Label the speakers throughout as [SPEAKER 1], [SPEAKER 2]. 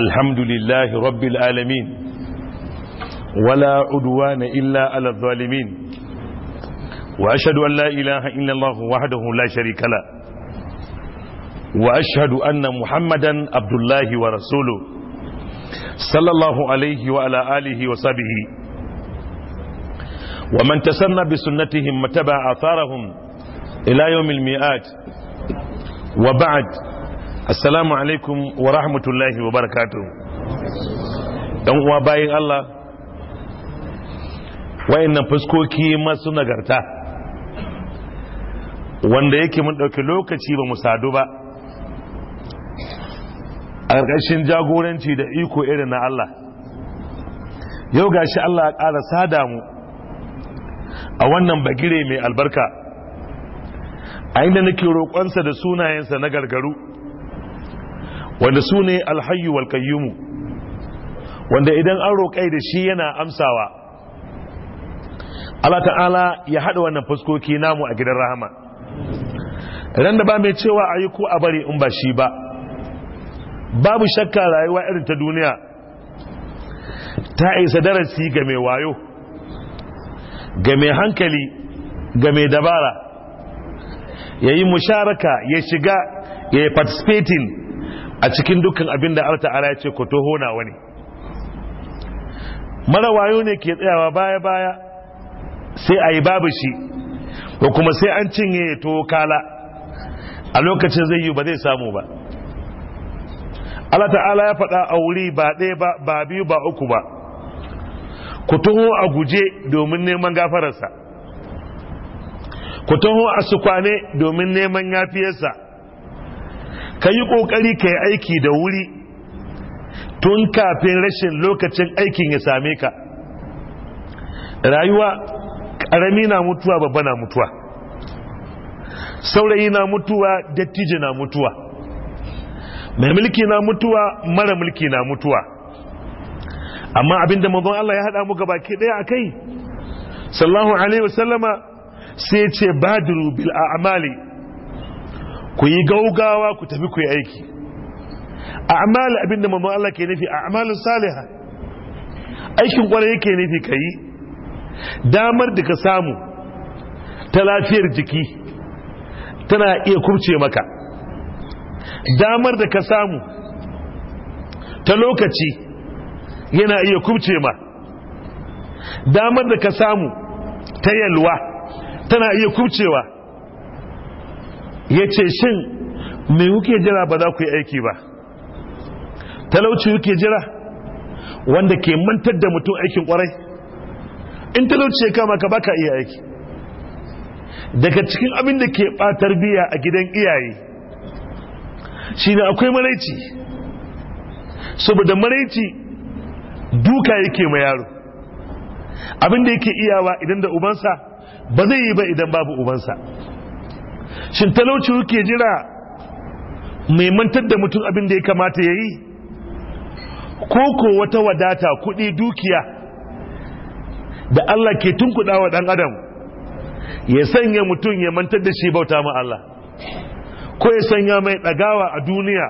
[SPEAKER 1] الحمد لله رب العالمين ولا عدوان إلا على الظالمين وأشهد أن لا إله إلا الله وحده لا شريك له وأشهد أن محمدا عبد الله ورسوله صلى الله عليه وعلى آله وصحبه ومن تسنى بسنتهم وتبع آثارهم إلى يوم الميئات وبعد assalamu alaikum wa rahmatullahi wa barakatu dan uwa bayin Allah wayannan fuskoki masu nagarta wanda yake mun ɗauki lokaci ba mu sadu ba a ƙarƙashin jagoranci da iko irin na Allah yau ga shi Allah ya ƙara sada mu a wannan bagire mai albarka a inda nake roƙonsa da sunayensa na gargaru wanda su ne alhayu walkayyumu wanda idan an roƙai da shi yana amsawa Allah ta'ala ya haɗa wannan fuskoki namu a gidan rahama idan da ba mai cewa a yi ko a bari in ba shi ba babu shakka rayuwa irin ta duniya ta isa darasi ga mai wayo ga mai hankali ga mai dabara ya yi musharaka ya shiga ya yi participating a cikin dukkan abin da Allah ta'ala ya ce ku toho nawa ne marawayo ne ke tsayawa baya baya sai a yi babu shi ko kuma sai an cinye ya toho kala a lokacin zai yi ba zai samu ba Allah ta'ala ya faɗa a wuri ba ɗaya ba ba biyu ba uku ba ku toho a guje domin neman gafararsa ku toho a sukwane domin neman yafiyarsa ka yi ƙoƙari ka yi aiki da wuri tun kafin rashin lokacin aikin ya same ka rayuwa ƙarami na mutuwa babba na mutuwa saurayi na mutuwa dattijo na mutuwa mai mulki na mutuwa mara mulki na mutuwa amma abinda mazan Allah ya haɗa mu gaba ɗaya a kai sallahu alaihi wasallama sai ce badiru bil a'amali ku yi gaugawa ku tafi ku yi aiki a'mal abinda mamu Allah ke nufi a'malus Saliha. aikin kwarai yake nufi kai damar da ka samu ta lafiyar jiki tana iya kubce maka damar da ka samu ta lokaci yana iya kubce ma damar da ka samu ta yalwa tana iya kubcewa ya ce shin mai kuke jira ba za ku yi aiki ba talauci kuke jira wanda ke mantar da mutum aikin kwarai in talauci ya kama ka baka iya aiki daga cikin abin da ke batar biya a gidan iyaye shi ne akwai maraici saboda maraici duka yake ma yaro abin da yake iyawa idan da ubansa ba zai yi ba idan babu ubansa shin talauci kuke jira mai mantar da mutum abin da ya kamata ya yi ko wata wadata kuɗi dukiya da Allah ke tunkuɗa wa ɗan adam ya sanya mutum ya mantar da shi bauta ma Allah ko ya sanya mai ɗagawa a duniya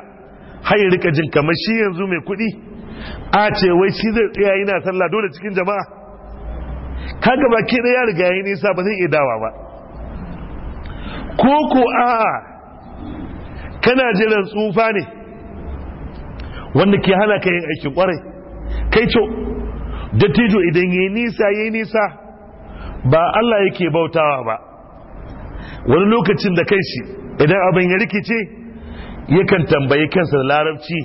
[SPEAKER 1] har rika jin kamar shi yanzu mai kuɗi a ce wai shi zai tsaya yana sallah dole cikin jama'a kaga baki ɗaya ya riga yi nisa ba zai iya dawa ba ko ko a'a kana jiran tsufa ne wanda ke hana ka yin aikin kwarai kai ce dattijo idan yi nisa yi nisa ba Allah yake bautawa ba wani lokacin da kai shi idan abin ya rikice yakan tambayi kansa da larabci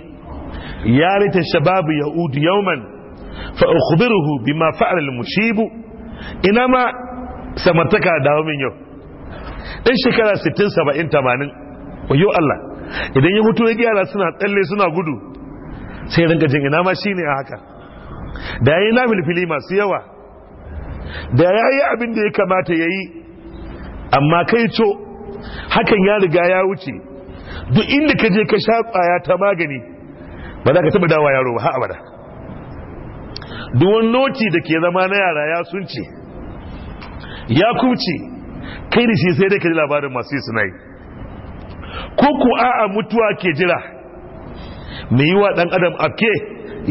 [SPEAKER 1] ya rita shababu yahudu yauman fa bi ma fa'ar al-mushibu ina ma samartaka dawo min yau Ɗan shekara 60 70 wayo Allah idan ya hutu ya yara suna tsalle suna gudu sai rinka jin ina ma shine a haka da yayi na filfili masu yawa da yayi abin da ya kamata yayi amma kai co hakan ya riga ya wuce duk inda ka je ka sha kwaya ta magani ba za ka taba dawo yaro ba ha'a bada duk noti da ke zama na yara ya sunce ya kuce kai da shi sai dai ka ji labarin masu yi suna yi ko ku a'a mutuwa ke jira mai yi wa ɗan adam afke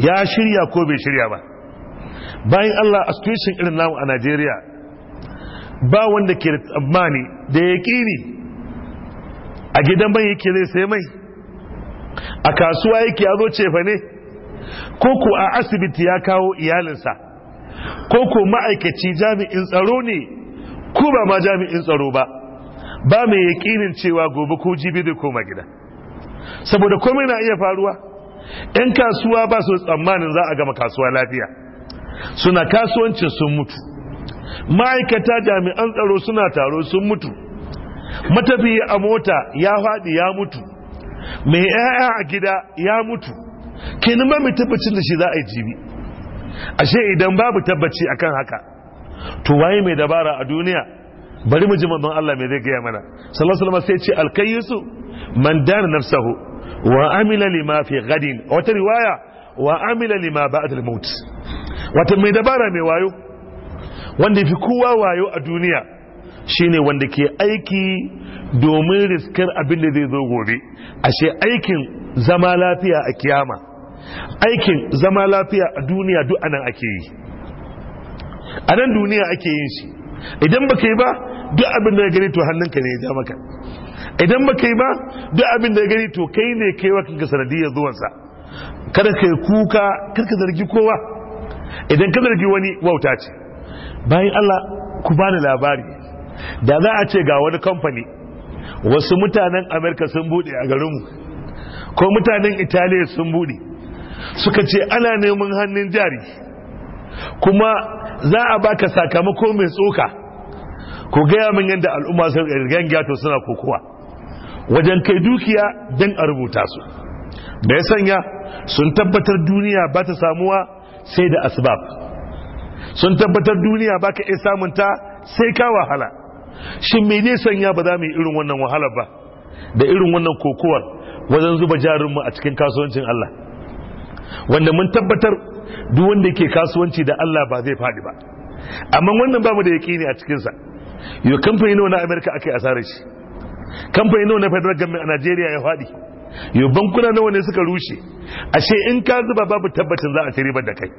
[SPEAKER 1] ya shirya ko bai shirya ba bayan allah a situation irin namu a najeriya ba wanda ke da tsammani da ya ƙini a gidan mai yake zai sai mai a kasuwa yake ya zo cefa ne ko ku a asibiti ya kawo iyalinsa ko ko ma'aikaci jami'in tsaro ne ko ba ma jami'in tsaro ba ba mai yakinin cewa gobe ko jibi zai koma gida saboda komai na iya faruwa 'yan kasuwa ba su tsammanin za a gama kasuwa lafiya suna kasuwancin sun mutu ma'aikata jami'an tsaro suna taro sun mutu matafiya a mota ya faɗi ya mutu mai 'ya'ya a gida ya mutu kenan ba mai tabbacin da shi za a yi jibi ashe idan babu tabbaci akan haka to waye mai dabara a duniya bari mu ji manzon Allah mai zai gaya mana sallallahu alaihi wasallam sai ce alkayyisu man dana nafsahu wa amila lima fi ghadin wata riwaya wa amila lima ba'd al wata mai dabara mai wayo wanda fi kowa wayo a duniya shine wanda ke aiki domin riskar abin da zai zo gobe ashe aikin zama lafiya a kiyama aikin zama lafiya a duniya duk anan ake yi a nan duniya ake yin shi idan baka yi ba duk abin da ya gani to hannunka ne ya ja maka idan baka yi ba duk abin da ya gani to kai ne kai wa kanka sanadiyar zuwansa kada kai kuka kada ka zargi kowa idan ka zargi wani wauta ce bayan Allah ku bani labari da za a ce ga wani kamfani wasu mutanen Amerika sun bude a garinmu ko mutanen Italiya sun bude suka ce ana neman hannun jari kuma za a baka sakamako mai tsoka ku gaya min yadda al'umma sun ganga gato suna kokowa wajen kai dukiya don a rubuta su da ya sanya sun tabbatar duniya ba ta samuwa sai da asbab sun tabbatar duniya ba ka iya samunta sai ka wahala shin mene sanya ba za mu yi irin wannan wahala ba da irin wannan kokowar wajen zuba jarinmu a cikin kasuwancin Allah wanda mun tabbatar duk wanda yake kasuwanci da Allah ba zai faɗi ba amma wannan babu da da ne a cikinsa yau kamfani nawa na amerika aka yi asarar shi kamfani nawa na federal government a najeriya ya faɗi yau bankuna nawa ne suka rushe ashe in ka zuba babu tabbacin za a ci ribar da kai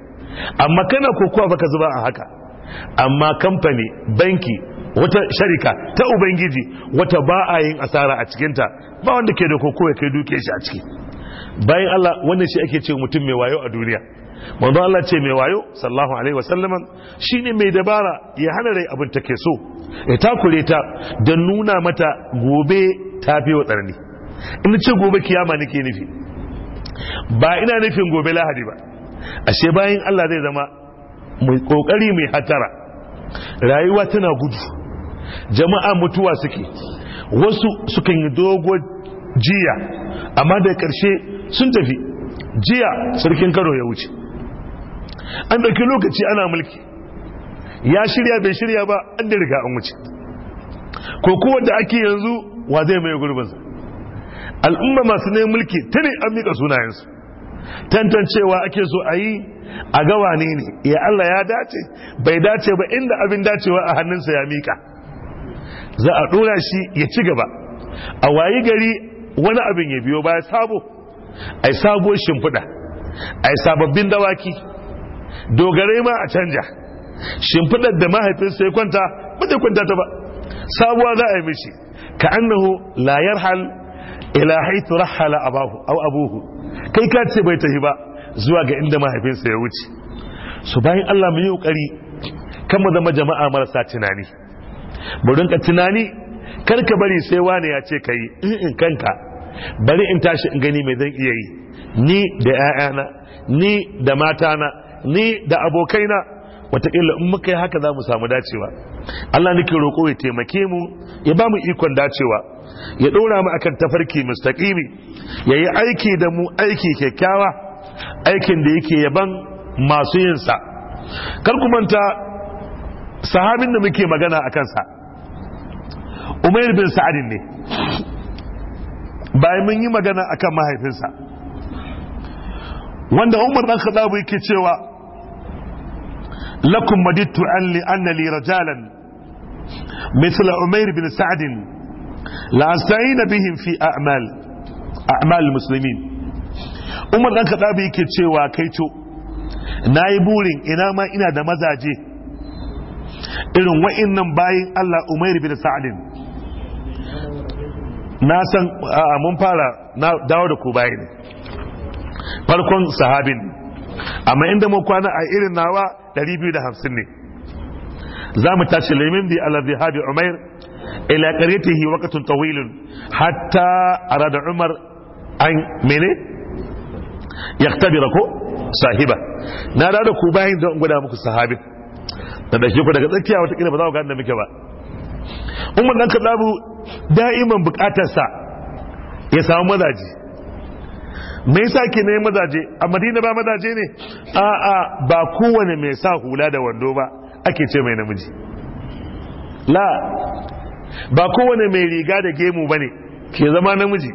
[SPEAKER 1] amma kana kokowa ka zuba a haka amma kamfani banki wata sharika ta ubangiji wata ba a yin asara a cikinta ba wanda ke da kokowa kai duke shi a ciki bayan Allah wannan shi ake ce mutum mai wayo a duniya manzo Allah ce mai wayo sallallahu alaihi wasallam shine mai dabara ya hana rai abin take so ya takure ta da nuna mata gobe ta fi watsarni in ce gobe kiyama nake nufi ba ina nufin gobe lahadi ba ashe bayan Allah zai zama mai kokari mai hatara rayuwa tana gudu jama'a mutuwa suke wasu sukan yi dogo jiya amma da karshe sun tafi jiya sarkin karo ya wuce an ɗauki lokaci ana mulki ya shirya bai shirya ba an da riga an wuce ko da ake yanzu wa zai mai gurbinsa al'umma masu ne mulki tuni an miƙa sunayensu tantancewa ake so a yi a gawa ne ne ya Allah ya dace bai dace ba inda abin dacewa a hannunsa ya miƙa za a ɗora shi ya ci gaba a wayi gari wani abin ya biyo baya sabo ai sabo shimfiɗa ai sababbin dawaki dogare ma a canja shimfidar da mahaifinsa ya kwanta ba zai kwanta ta ba sabuwa za a yi mishi ka annahu la yarhal ila haitu rahala abahu aw abuhu kai ka ce bai tafi ba zuwa ga inda mahaifinsa ya wuce su bayan Allah mu yi kokari kan mu zama jama'a marasa tunani mu rinka tunani kar ka bari sai wani ya ce ka yi in kanka bari in tashi in gani mai zan iya yi ni da 'ya'yana ni da matana ni da abokaina wataƙila in muka yi haka za mu samu dacewa Allah nake roƙo ya taimake mu ya ba mu ikon dacewa ya ɗora mu akan tafarki mustaƙimi ya yi aiki da mu aiki kyakkyawa aikin da yake yaban masu yinsa kar ku manta sahabin da muke magana a kansa umair bin sa'adin ne bayan mun yi magana akan mahaifinsa wanda umar dan khattab yake cewa lakum madittu anni anna li umair bin sa'd la astaina bihim fi a'mal umar dan kadabi yake cewa kai to nayi burin ina ma ina da mazaje irin wa'annan bayin Allah Umar bin Sa'adin. na san mun fara na dawo da ku bayan farkon sahabin amma inda mu kwana a irin nawa 250 ne za mu tashi limin di alladhi hadi umair ila qaryatihi waqtun tawil hatta arada umar an mene yaktabira ko sahiba na rada ku bayin da gwada muku sahabi. da dake ku daga tsakiya wata kira ba za ku gane muke ba umar dan kadabu da'iman bukatarsa ya samu mazaji me yasa ke ne mazaje a madina ba mazaje ne a a ba kowane mai sa hula da wando ba ake ce mai namiji la ba kowane mai riga da gemu ba ne ke zama namiji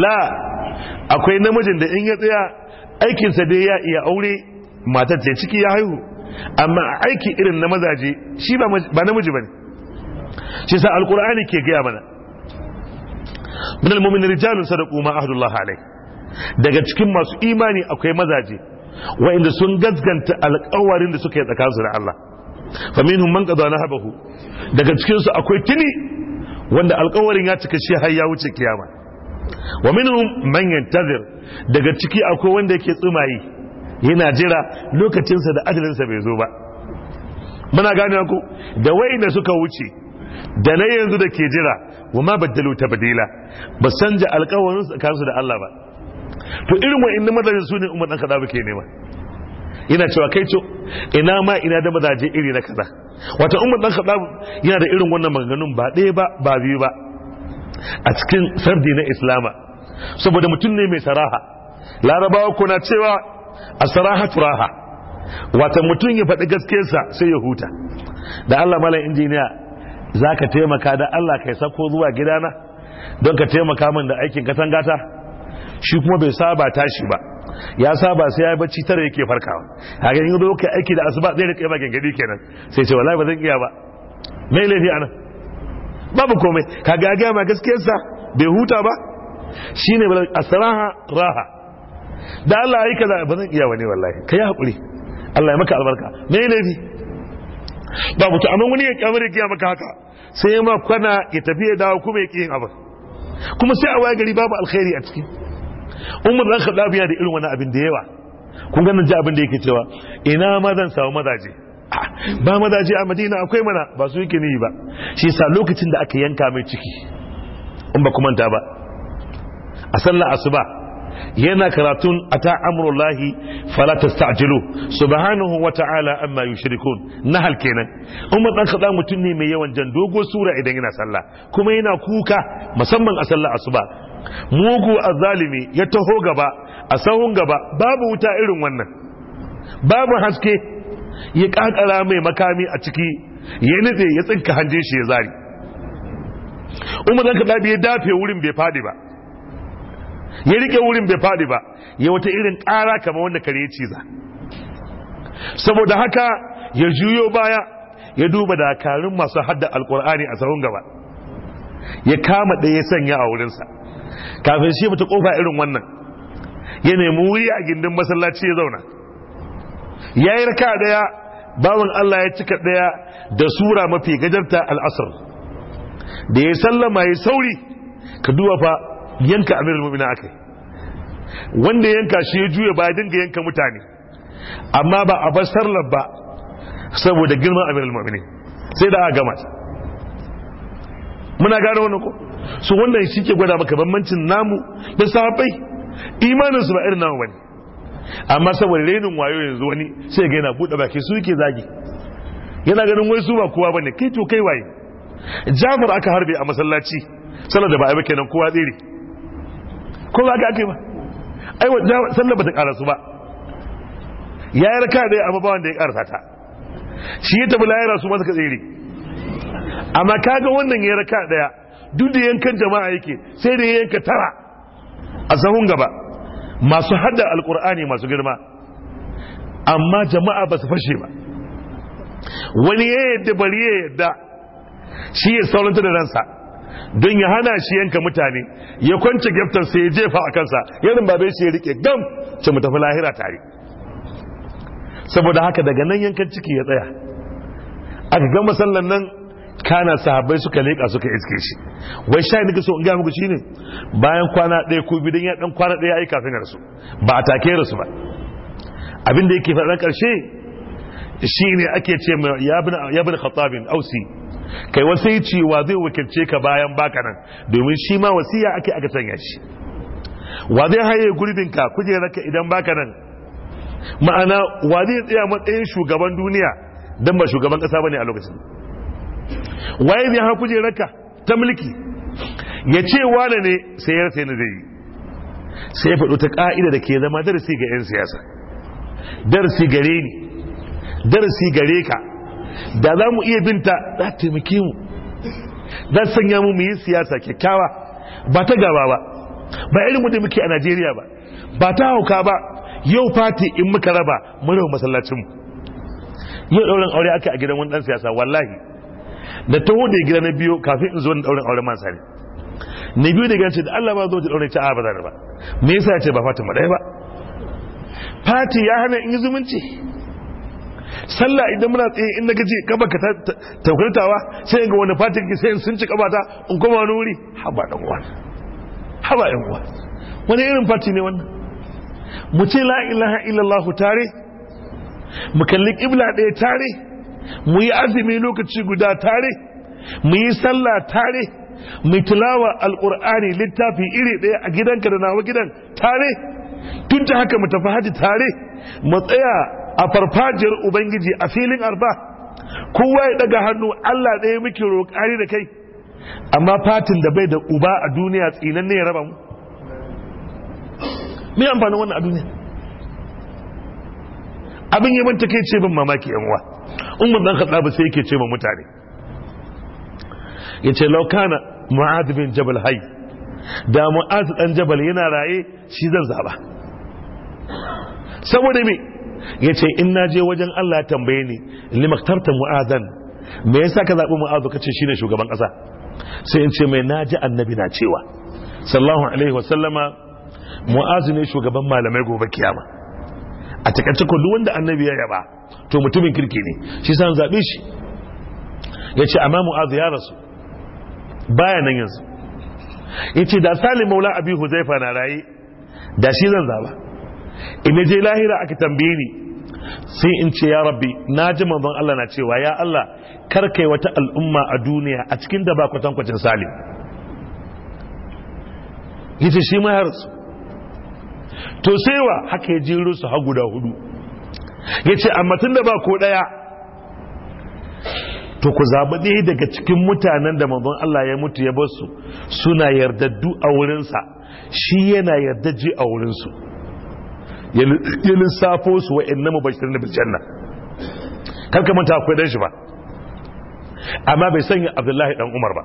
[SPEAKER 1] la akwai namijin da in ya tsaya aikinsa dai ya iya aure matar ce ciki ya haihu amma aiki irin na mazaje shi ba namiji ba ne shi sa alkur'ani ke gaya mana من al-mu'min صدقوا ما ma الله عليه daga cikin masu imani akwai mazaje wa'inda sun gazganta alƙawarin da suka yi tsakaninsu da Allah faminhum man qada nahabahu daga cikin su akwai tuni wanda alƙawarin ya cika shi har ya wuce kiyama wa minhum man yantazir daga ciki akwai wanda yake tsumayi yana jira lokacinsa da sa bai zo ba muna gane ku da wa'inda suka wuce da na yanzu da ke jira wa ma baddalu ta badila ba san alkawarin su da Allah ba to irin inda mazaje su ne umar dan ba ke nema yana cewa kai co ina ma ina da mazaje iri na kaza wata umar dan kaza yana da irin wannan maganganun ba ɗaya ba ba biyu ba a cikin sardi na islama saboda mutum ne mai saraha larabawa ko na cewa a saraha turaha wata mutum ya faɗi gaskiyarsa sai ya huta da allah malam injiniya za ka taimaka da allah kai sako zuwa gidana don ka taimaka min da aikin katangata shi kuma bai saba tashi ba ya saba sai ya yi bacci tare yake farkawa a ganin yanzu kai aiki da asuba zai rika ba gangadi kenan sai ce wallahi ba zan iya ba mai laifi anan babu komai kaga ga ma gaskiyarsa bai huta ba shine asraha raha da Allah ya yi kaza ba zan iya wani wallahi kai hakuri Allah ya maka albarka mai laifi babu mutu amma wani ya kamar ya maka haka sai ma kwana ya tafi ya dawo kuma ya ƙi yin abin kuma sai a waya gari babu alkhairi a ciki umar dan khattab yana da irin wani abin da yawa kun gani ji abin da yake cewa ina ma zan samu mazaje ah, ba mazaje a madina akwai mana ba su yake ni ba shi yasa lokacin da aka yanka mai ciki in ba kuma ta ba a sallar asuba yana karatun ata amrullahi fala tastajilu subhanahu wa ta'ala amma yushrikun nahal kenan umar ɗan kada mutum ne mai yawan jan dogo sura idan yana sallah kuma yana kuka musamman a sallar asuba mugu azalimi ya taho gaba a sahun gaba babu wuta irin wannan babu haske ya kakara mai makami a ciki ya nitse ya tsinka hanje shi ya zari umar zan ya dafe wurin bai faɗi ba ya rike wurin bai faɗi ba ya wata irin ƙara kama wanda kare ya ciza saboda haka ya juyo baya ya duba dakarun masu hadda alkur'ani a sahun gaba ya kama ɗaya sanya a wurinsa kafin shi mutu kofa irin wannan ya nemi wuri a gindin masallaci ya zauna ya yi raka daya bawan Allah ya cika daya da sura mafi gajarta al'asar da ya sallama ya sauri ka duwa fa yanka amir mumina akai wanda yanka shi ya juya ba dinga yanka mutane amma ba a bar sallar ba saboda girman amir mumina sai da a gama muna gane wani ko su wannan shi ke gwada maka bambancin namu da imanin su ba irin namu ne. amma saboda renin wayo yanzu wani sai ga yana buɗe baki su yake zagi yana ganin wai su ba kowa bane kai to kai waye Jafar aka harbe a masallaci sallar da ba a kenan kowa tsere ko ba ka kai ba ai sallar ba ta karasu ba ya yi raka da amma ba wanda ya karasa ta shi ya tafi layara su masa ka tsere amma kaga wannan ya raka daya duk da yankan jama'a yake sai da yanka tara a sahun gaba masu hada alkur'ani masu girma amma jama'a ba su fashe ba wani ya yadda bari ya yadda shi ya sauranta da ransa don ya hana shi yanka mutane ya kwance gyaftar sai ya jefa a kansa yanin babai shi ya rike gam ce mu tafi lahira tare saboda haka daga nan yankan ciki ya tsaya aka gama sallan nan kana sahabbai suka leƙa suka iske shi wai sha nika so in ga muku shine bayan kwana ɗaya ko biyu dan ya dan kwana ɗaya ai kafin rasu ba a take rasu ba abin da yake faɗa ƙarshe shine ake ce ma ya bin ya bin khatabin ausi kai wasai cewa zai wakilce ka bayan baka nan domin shi ma wasiya ake aka sanya shi wa zai haye gurbin ka ka idan baka nan ma'ana wa zai tsaya matsayin shugaban duniya dan ba shugaban kasa bane a lokacin waye har kujerar ka ta mulki ya ce wane ne sai ya rasa na zai sai ya faɗo ta ƙa'ida da ke zama darasi ga 'yan siyasa darasi gare ni darasi gare ka da za mu iya binta za ta taimake mu za sanya mu yi siyasa kyakkyawa ba ta gaba ba ba irin mu muke a najeriya ba ba ta hauka ba yau fati in muka raba mu masallacin yau ɗaurin aure aka a gidan wani ɗan siyasa wallahi da ta da gida na biyu kafin in zo na daurin auren mansa ne na biyu da gance da Allah ba zo ta daure ta a ba ba me yasa ce ba Fatima dai ba fati ya hana in yi zumunci sallah idan muna tsaye in naga ji kaba ka taukartawa sai ga wani fati ki sai sun ci kabata in koma wani wuri haba dan uwa yan uwa wani irin fati ne wannan mu ce la ilaha illallah tare mu kalli kibla ɗaya tare mu yi azumi lokaci guda tare mu yi sallah tare mu tilawa alkur'ani littafi iri ɗaya a gidanka da nawa gidan tare tun da haka mu tafi haji tare mu tsaya a farfajiyar ubangiji a filin arba kowa ya daga hannu Allah ɗaya muke roƙari da kai amma fatin da bai da uba a duniya tsinan ne ya raba mu me amfanin wannan a duniya abin yi manta ke ce ban mamaki yan uwa umar dan ba sai yake ce ma mutane yace law kana mu'adh bin jabal hai da mu'adh dan jabal yana raye shi zan zaba saboda me yace in na je wajen Allah tambaye ni limaktarta mu'adhan me yasa ka zabi mu'adh kace shine shugaban ƙasa? sai in ce mai naji annabi na cewa sallallahu alaihi wasallama mu'azu ne shugaban malamai gobe kiyama a takaice ko duk wanda annabi ya yaba to mutumin kirki ne shi san zabe shi ya amma mu'azu ya rasu baya nan yanzu yace da salim maula abi huzaifa na raye da shi zan zaba ina je lahira aka tambaye ni sai in ce ya rabbi na ji manzon Allah na cewa ya Allah kar kai wata al'umma a duniya a cikin da ba kwatankwacin salim yace shi ma ya rasu to sai wa haka ya jiro su ha guda hudu ya ce amma tun ba ko daya to ku zaɓi ɗaya daga cikin mutanen da manzon Allah ya mutu ya bar su suna yardaddu a wurinsa shi yana yardaji a wurinsu ya lissafo su wa wa'annan mubashirin da bijanna kanka manta akwai dan shi ba amma bai sanya abdullahi dan umar ba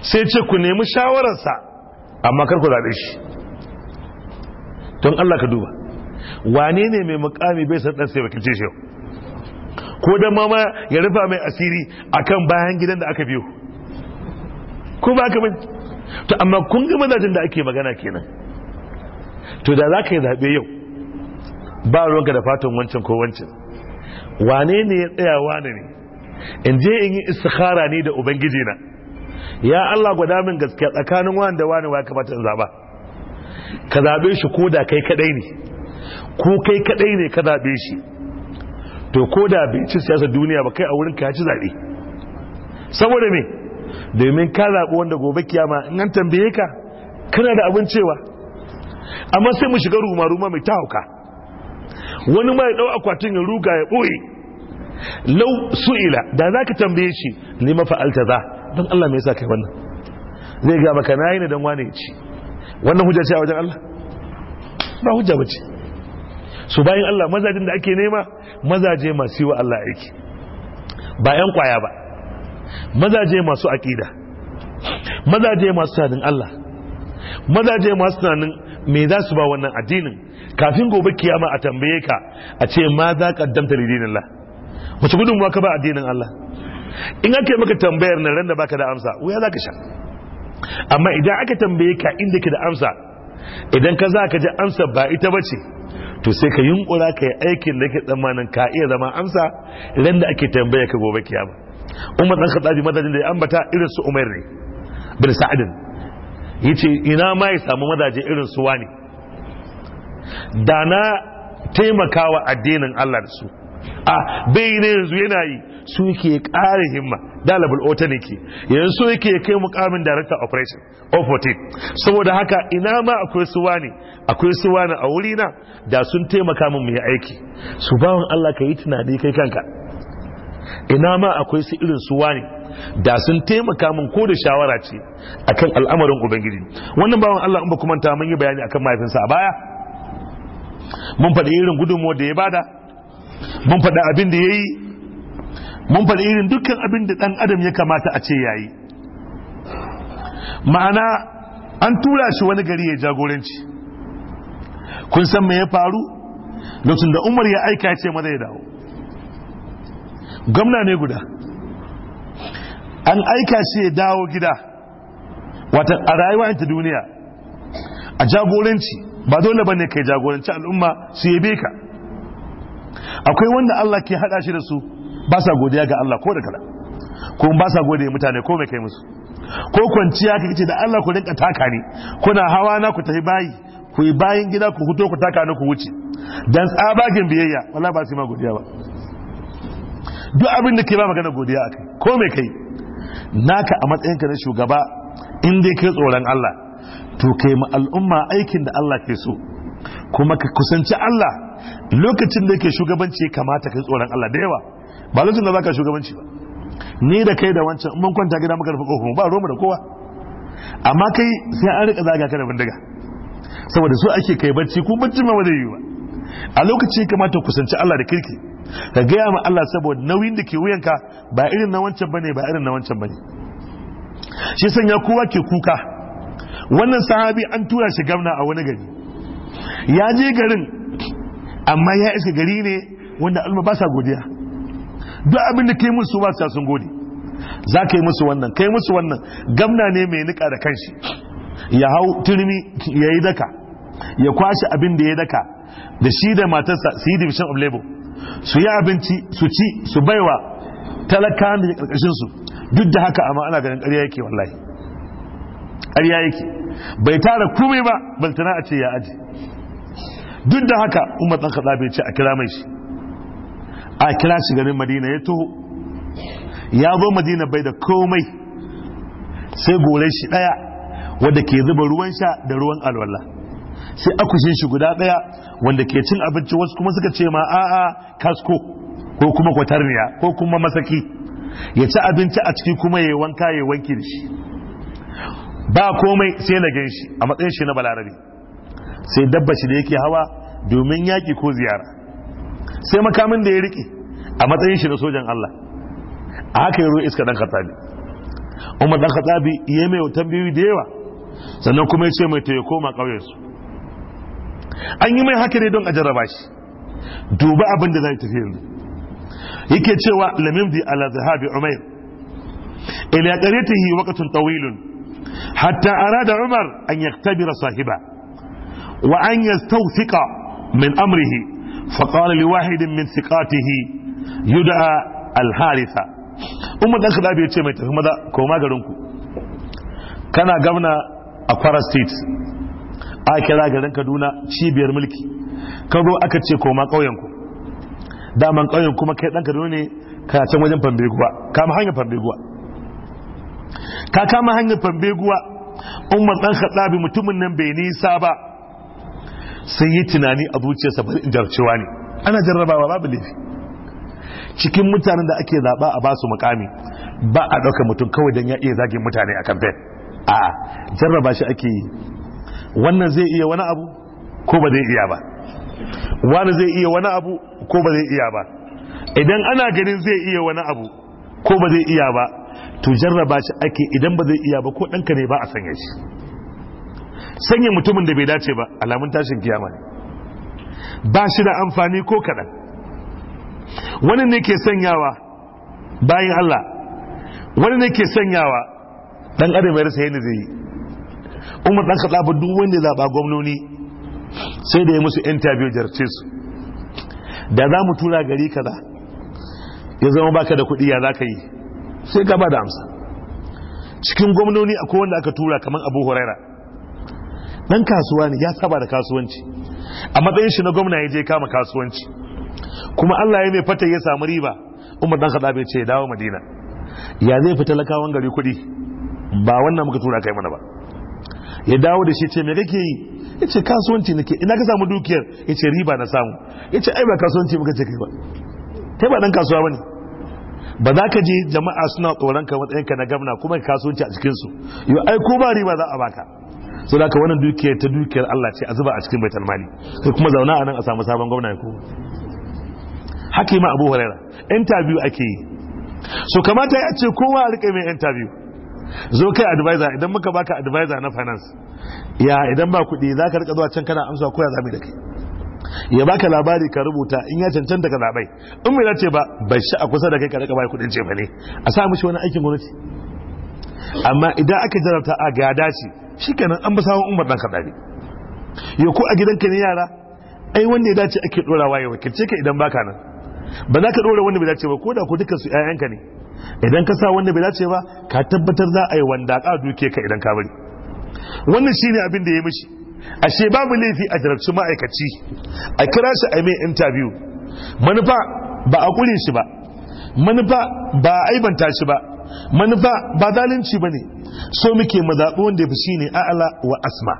[SPEAKER 1] sai ce ku nemi shawararsa amma kar ku zaɓe shi don Allah ka duba wane ne mai mukami bai san dan sai wakilce shi ko dan mama ya rufa mai asiri akan bayan gidan da aka biyo ko ba ka bane to amma kun ga mazajen da ake magana kenan to da za ka yi zaɓe yau ba ruwanka da fatan wancan ko wancan wane ne ya tsaya wane ne in je in yi istikhara ne da ubangiji na ya Allah gwada min gaskiya tsakanin wani da wani wa kamata in zaba ka zaɓe shi ko da kai kaɗai ne ko kai kaɗai ne ka zaɓe shi to ko da bai ci siyasar duniya ba kai a wurin ka ci zaɓe saboda me domin ka zaɓi wanda gobe kiyama in an tambaye ka kana da abin cewa amma sai mu shiga ruma-ruma mai ta wani ma ya ɗau akwatin ya ruga ya ɓoye lau su'ila da za ka tambaye shi ne mafa'alta za don Allah mai sa kai wannan zai ga maka yi ne don wane ci wannan hujja ce a wajen Allah ba hujja ba ce su bayan Allah mazajin da ake nema mazaje masu yi wa Allah aiki ba 'yan kwaya ba mazaje masu aƙida mazaje masu tunanin Allah mazaje masu tunanin me za su ba wannan addinin kafin gobe kiyama a tambaye ka a ce ma za ka damta lidinin Allah wace gudunmuwa ka ba addinin Allah in ake maka tambayar na ran da baka da amsa wuya za ka sha amma idan aka tambaye ka inda ke da amsa idan ka za ka ji amsa ba ita ba ce to sai ka yunkura ka yi aikin da ke tsammanin ka iya zama amsa idan da ake tambaye ka gobe kiyama umar dan khattabi madadin da ya ambata irin su umar ne bin sa'adin yace ina ma ya samu madaje irin su wani da na taimakawa addinin Allah da su a bai ne yanzu yana yi su ke ƙare himma dalibul ota ne ke yanzu su yake kai mukamin director operation of 14 saboda haka ina ma akwai suwa wani akwai suwa wani a wuri na da sun taimaka min mu yi aiki su bawan Allah ka yi tunani kai kanka ina ma akwai su irin suwa wani da sun taimaka min ko da shawara ce akan al'amarin ubangiji wannan bawan Allah in ba kuma ta mun yi bayani akan mahaifinsa a baya mun faɗi irin gudunmuwa da ya bada mun faɗi abin da ya yi mun faɗi irin dukkan abin da ɗan adam ya kamata a ce yayi ma'ana an tura shi wani gari ya jagoranci kun san me ya faru lokacin da umar ya aika ya ce maza ya dawo gwamna ne guda an aika shi ya dawo gida wata a rayuwa ta duniya a jagoranci ba dole ba ne kai jagoranci al'umma su yabe ka akwai wanda Allah ke hada shi da su ba sa godiya ga Allah ko da kada ko ba sa godiya mutane ko mai kai musu ko kwanciya kake ce da Allah ku rinka taka ne kuna hawa na ku tafi bayi ku yi bayin gida ku fito ku taka ne ku wuce dan tsabagin biyayya wallahi ba su ma godiya ba duk abin da ke ba magana godiya akai ko mai kai naka a matsayin ka na shugaba in dai kai tsoron Allah to kai ma al'umma aikin da Allah ke so kuma ka kusanci Allah lokacin da yake shugabanci kamata kai tsoron Allah da yawa ba lokacin da zaka shugabanci ba ni da kai da wancan mun kwanta gida muka rufe kofar ba roma da kowa amma kai sai an rika zaga ka da bindiga saboda su ake kai bacci ko bacci ma zai yi ba a lokaci ya kamata kusanci Allah da kirki ka gaya ma Allah saboda nauyin da ke wuyanka ba irin na wancan bane ba irin na wancan bane shi sanya kowa ke kuka wannan sahabi an tura shi gamna a wani gari ya je garin amma ya isa gari ne wanda alma ba sa godiya duk abin da kai musu ba sun gode za ka yi musu wannan kai musu wannan gamna ne mai nika da kanshi ya hau turmi ya yi daka ya kwashe abin da ya daka da shi da matarsa su yi division of labor su yi abinci su ci su baiwa talakan da karkashin su duk da haka amma ana ganin ƙarya yake wallahi ƙarya yake bai tara komai ba baltana a ce ya aji duk da haka umar ɗan kaɗa bai ce a kira mai shi a kira shi garin madina ya taho ya zo madina bai da komai sai gore shi daya wanda ke zuba ruwan sha da ruwan alwala sai akushin shi guda daya wanda ke cin abinci wasu kuma suka ce ma a'a kasko ko kuma kwatarniya ko kuma masaki ya ci abinci a ciki kuma ya wanka ya wanki da shi ba komai sai na gan shi a matsayin shi na balarabe sai dabba shi da yake hawa domin yaki ko ziyara sai makamin da ya rike a matsayin shi na sojan Allah a haka ya iska dan katabi umar dan katabi ya mai tambayoyi da yawa sannan kuma ya ce mai ya ma ƙauyen su an yi mai haka ne don a jarraba shi duba abin da zai tafi yanzu yake cewa lamim di ala zahabi umair ila qaritihi waqtun tawilun hatta arada umar an yaktabira sahiba wa an yastawthiqa min amrihi فقال لواحد من ثقاته يدعى الحارثة أم دان خدابي يتشي ميتا هم دا كوما غرنكو كان غمنا أكوارا ستيت أكرا غرن كدونا بير ملكي كذو أكتشي كوما قوينكو daman ƙauyen kuma kai ɗan kaduna ne ka can wajen fambeguwa kama hanyar fambeguwa ka kama hanyar fambeguwa umar ɗan khattabi mutumin nan bai nisa ba sai yi tunani a zuciyarsa ba jarcewa ne ana jarrabawa babu laifi cikin mutanen da ake zaɓa a basu mukami ba a ɗauka mutum kawai don ya iya zagin mutane a kamfen a jarraba shi ake yi wannan zai iya wani abu ko ba zai iya ba wani zai iya wani abu ko ba zai iya ba idan ana ganin zai iya wani abu ko ba zai iya ba to jarraba shi ake idan ba zai iya ba ko ɗanka ne ba a sanya shi sanya mutumin da bai dace ba alamun tashin kiyama ne ba shi da amfani ko kaɗan wani ne ke sanyawa bayan Allah wani ne ke sanyawa dan adam ya rasa yadda zai yi umar dan khattab duk wanda zaba gwamnoni sai da ya musu interview jarce su da za mu tura gari kaza ya zama baka da kuɗi ya zaka yi sai ka ba da amsa cikin gwamnoni akwai wanda aka tura kamar abu huraira dan kasuwa ne ya saba da kasuwanci a matsayin shi na gwamna ya je kama kasuwanci kuma Allah ya mai fata ya samu riba Umar dan Khattab ce ya dawo Madina ya zai fita lakawan gari kuɗi ba wannan muka tura kai mana ba ya dawo da shi ce me kake yi yace kasuwanci nake ina ka samu dukiyar yace riba na samu yace ai ba kasuwanci muka ce kai ba kai ba dan kasuwa bane ba za ka je jama'a suna tsoron ka matsayinka na gamna kuma ka kasuwanci a cikinsu yau ai ko ba riba za a baka so da wannan dukiyar ta dukiyar Allah ce a zuba a cikin baitul mali sai kuma zauna a nan a samu sabon gwamna ko hakima abu huraira interview ake yi so kamata ya ce kowa a rike mai interview zo kai advisor idan muka baka advisor na finance ya idan ba kuɗi za ka rika zuwa can kana amsa koya zaɓi da kai ya baka labari ka rubuta in ya cancanta ka zaɓai in mai ce ba bai shi a kusa da kai ka rika bai kuɗin ce ba ne a sa mishi wani aikin gwamnati amma idan aka jarabta a gada ce shikenan an ba samun umar dan kaɗari yau ko a gidanka ne yara ai wanda ya dace ake dorawa ya wakilce ka idan baka nan ba za ka ɗora wanda bai dace ba ko da ko dukkan su ƴaƴanka ne idan ka sa wanda bai dace ba ka tabbatar za a yi wanda ka duke ka idan ka bari wannan shine abin da ya mishi ashe babu laifi a jarabci ma'aikaci a kira shi a mai interview manufa ba a kure shi ba manufa ba a aibanta shi ba manufa ba ba ne so muke mazaɓo wanda ya fi ne a'ala wa asma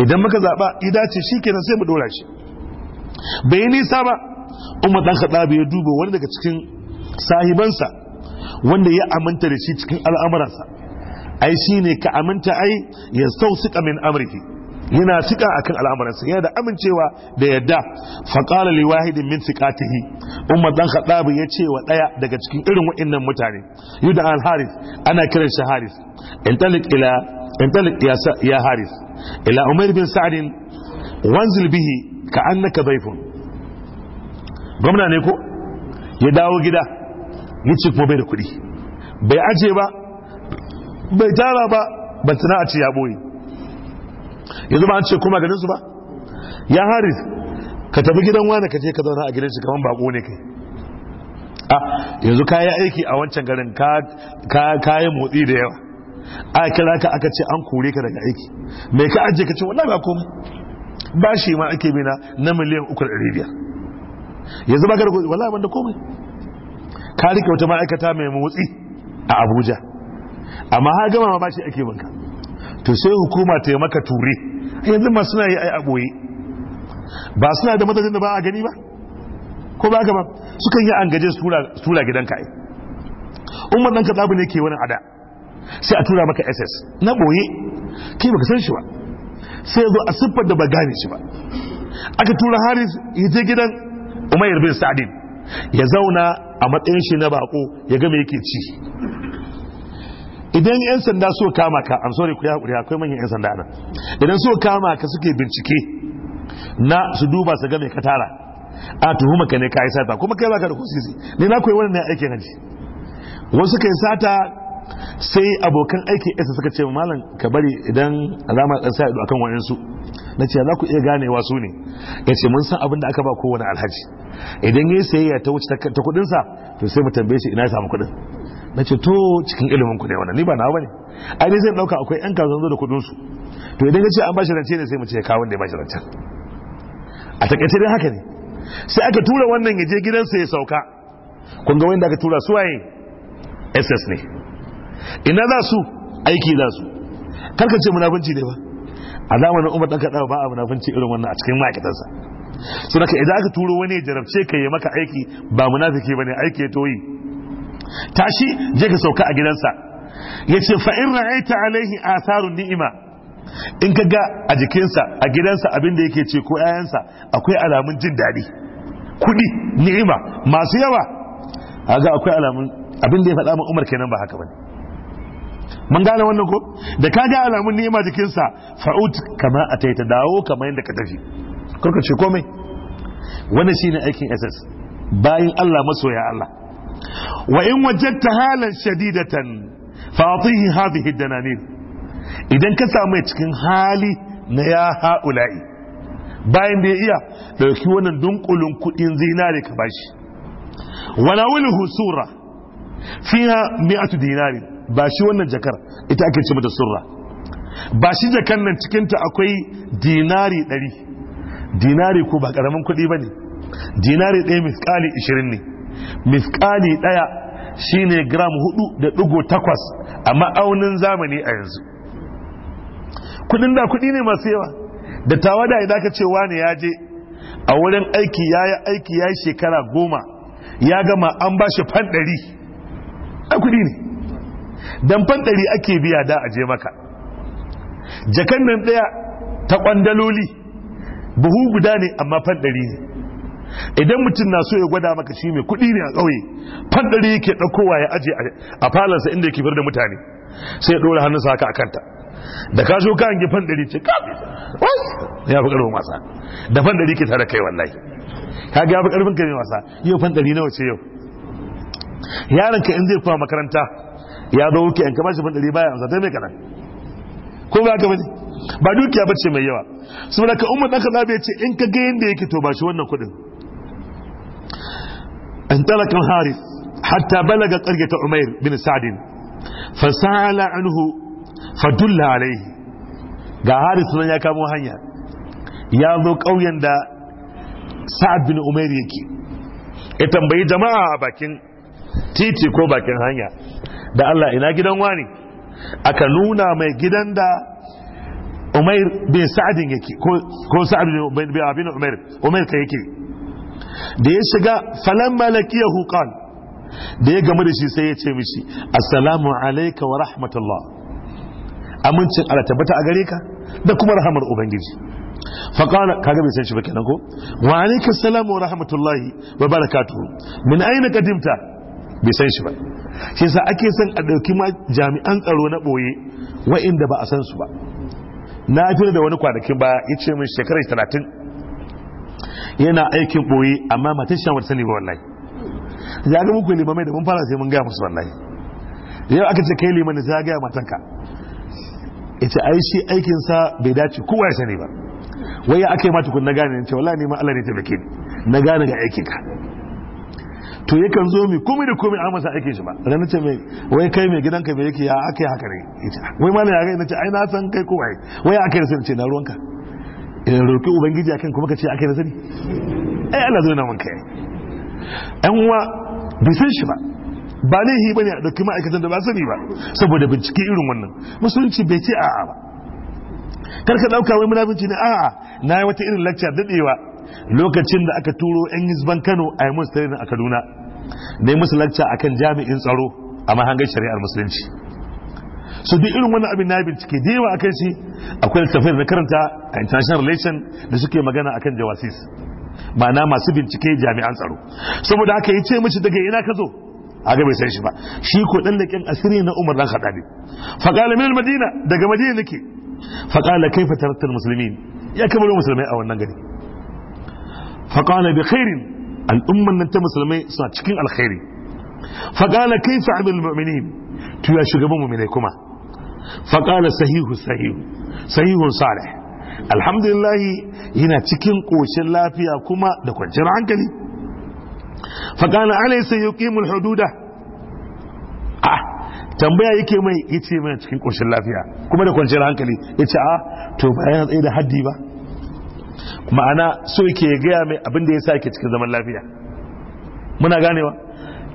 [SPEAKER 1] idan muka zaɓa ya dace kenan sai mu dora shi bai nisa ba umar ɗan kaɗa ya duba wani daga cikin sahibansa wanda ya aminta da shi cikin al'amuransa ai shi ne ka aminta ai ya sau suka min amurki. yana sika akan al'amuransa yana da amincewa da yadda faqala li wahidin min thiqatihi umma dan khattab ya ce wa daya daga cikin irin wa'annan mutane yuda al harith ana kiran shi harith intalik ila intalik ya ya harith ila Umar bin sa'd wanzil bihi ka annaka bayfun gwamna ne ko ya dawo gida ya ce kuma bai da kuɗi bai aje ba bai tara ba ba tana a ce ya ɓoye yanzu ba an ce koma ganin su ba ya haris ka tafi gidan wani ka je ka zauna a gidan shi kamar bako ne kai a yanzu ka yi aiki a wancan garin ka yi motsi da yawa a kira ka aka ce an kore ka daga aiki mai ka ajiye ka ce wallahi ba komai ba shi ma ake bina na miliyan uku da ɗari biyar yanzu ba ka da wallahi wanda komai ka rike wata ma'aikata mai motsi a abuja amma ha gama ma ba shi ake banka to sai hukuma ta yi maka ture yanzu masu suna yi a ɓoye ba suna da madadin da ba a gani ba ko ba su sukan yi an gaje tura gidan ka'i umar ɗan katsabu ne ke wani ada sai a tura maka ss na ɓoye ke baka san shi ba sai zo a siffar da ba gane shi ba aka tura haris ya je gidan umar bin sa'adin ya zauna a matsayin shi na bako ya ga me yake ci idan yan sanda so kama ka an sori kuya ya akwai manyan yan sanda nan idan so kama ka suke bincike na su duba su ga me ka tara a tuhuma ka ne ka yi sata kuma kai baka da kusisi ne na koyi wannan na ji. wasu kai sata sai abokan aikin yasa suka ce malam ka bari idan alama ɗan sa ido akan wayansu na ce za ku iya ganewa su ne ya ce mun san abin da aka ba kowane alhaji idan ya sayayya ta wuce ta kuɗinsa to sai mu tambaye shi ina ya samu kuɗin na ce to cikin ilimin ku ne wannan ni ba na bane ai ne zai dauka akwai yan kasuwan zo da kudin su to idan ka ce an bashi rance ne sai mu ce kawo wanda ya bashi rancen a takaice dai haka ne sai aka tura wannan ya je gidansa ya sauka kun ga wanda aka tura su waye ss ne ina za su aiki za su karka ce munafunci ne ba a zamanin umar dan kaɗa ba a munafunci irin wannan a cikin ma'aikatansa so daga idan aka turo wani jarabce ka yi maka aiki ba munafiki ba ne aiki ya toyi tashi je ka sauka a gidansa ya ce fa'in ra'aita alaihi asarun ni'ima in ka ga a jikinsa a gidansa abin da yake ce ko ‘ya'yansa akwai alamun jin daɗi kuɗi ni'ima masu yawa a ga akwai alamun abin ya faɗa umar kenan ba haka ba mun gane wannan ko da ka ga alamun ni'ima jikinsa faut kama a ta dawo kamar yadda ka tafi karkace komai wannan shine aikin ss bayan allah masoya allah wa in wajadta halan shadidatan fa atihi hadhihi dananir idan ka samu cikin hali na ya haula'i bayan da ya iya dauki wannan dunkulun kudin zinare ka bashi wala husura? sura fiha mi'atu dinari ba shi wannan jakar ita ake ce da surra ba shi jakar nan cikinta akwai dinari ɗari dinari ko ba ƙaramin kuɗi ba ne dinari ɗaya mai ƙali ne miskali ɗaya shi ne gram hudu da ɗigo takwas a ma'aunin zamani a yanzu kudin da kudi ne masu yawa da tawada idan ka ce wani ya je a wurin aiki ya yi aiki ya yi shekara goma ya gama an ba shi fan ɗari a kudi ne don fan ake biya da a je maka jakan nan ɗaya ta ƙwandaloli buhu guda ne amma fanɗari ɗari ne idan mutum na so ya gwada maka shi mai kuɗi ne a ƙauye fadari yake ɗaukowa ya aje a falansa inda yake da mutane sai ya ɗora hannunsa haka a kanta da ka zo kayan gifan ɗari ce ya fi ƙarfin wasa da fandari ke tare kai wallahi ka ga ya fi ƙarfin kai wasa yau fandari nawa ce yau yaron ka in zai kuma makaranta ya zo wuke in kamar shi fandari baya amsa zata mai kanan ko ba ka bane ba dukiya ba ce mai yawa saboda ka umma ɗan ka zabe ce in ka ga yanda yake to ba shi wannan kuɗin انطلق الحارث حتى بلغ قرية عمير بن سعد فسأل عنه فدل عليه ga haris nan ya kamo hanya ya zo ƙauyen da sa'ad bin umar yake ya tambayi jama'a a bakin titi ko bakin hanya da Allah ina gidan wani aka nuna mai gidan da umar bin sa'adin yake ko sa'ad bin umar umar umar ka yake da ya shiga falan malakiya hukan da ya gamu da shi sai ya ce mishi assalamu alaika wa rahmatullah amincin ala tabbata a gare ka da kuma rahamar ubangiji faƙala kaga bai san shi ba kenan ko wa alaika salamu wa rahmatullahi wa barakatuhu min aina kadimta bai san shi ba shi yasa ake son a ɗauki ma jami'an tsaro na ɓoye wa'inda ba a san su ba na fi da wani kwanakin ba ya ce min shekarar talatin yana aikin boye amma matan shi wata sani ba wallahi ya ga muku limamai da mun fara sai mun gaya musu wallahi yau aka ce kai limanin sai ya gaya matanka ita ai shi aikinsa bai dace kowa ya sani ba wai ya aka yi mata na gane ce wallahi ma Allah ne taimake ni na gane ga aikin ka to yakan zo mi komai da komai an masa aikin shi ba ran ce mai wai kai mai gidanka mai yake ya aka yi haka ne ita wai ma ne ya ga ina ce ai na san kai kowa wai aka yi sai ce na ruwanka in roƙi ubangiji akan kuma ka ce aka yi nazari ai Allah zai naman kai ɗan uwa bai san shi ba ba ba bane a ɗauki ma'aikatan da ba sani ba saboda bincike irin wannan musulunci bai ce a'a ba kar ka ɗauka wai munafunci ne a'a na yi wata irin lacca daɗewa lokacin da aka turo 'yan Yizban kano a yi musu a kaduna na yi musu lacca akan jami'in tsaro a mahangar shari'ar musulunci su duk irin wani abin na bincike da yawa akan shi akwai littafin na karanta a international relation da suke magana akan jawasis ma'ana masu bincike jami'an tsaro saboda aka yi ce mishi daga ina ka zo aga bai san shi ba shi ko dan lakin asiri na Umar dan Khattabi fa qala min madina daga Madina nake fa qala kaifa tarakta muslimin ya kamar musulmai a wannan gari fa qala bi khairin al'umman nan ta musulmai suna cikin alkhairi fa qala kaifa amil mu'minin tuya shugaban mu'minai kuma fa sahihu sahihu sahihu sahihun alhamdulillah yana cikin ƙoshin lafiya kuma da kwanciyar hankali fa qala alaysa yuqimul hududa a tambaya yake mai yace mai cikin ƙoshin lafiya kuma da kwanciyar hankali yace a to ba yana tsaye da haddi ba ma'ana so yake gaya mai abin da ya sa yake cikin zaman lafiya muna ganewa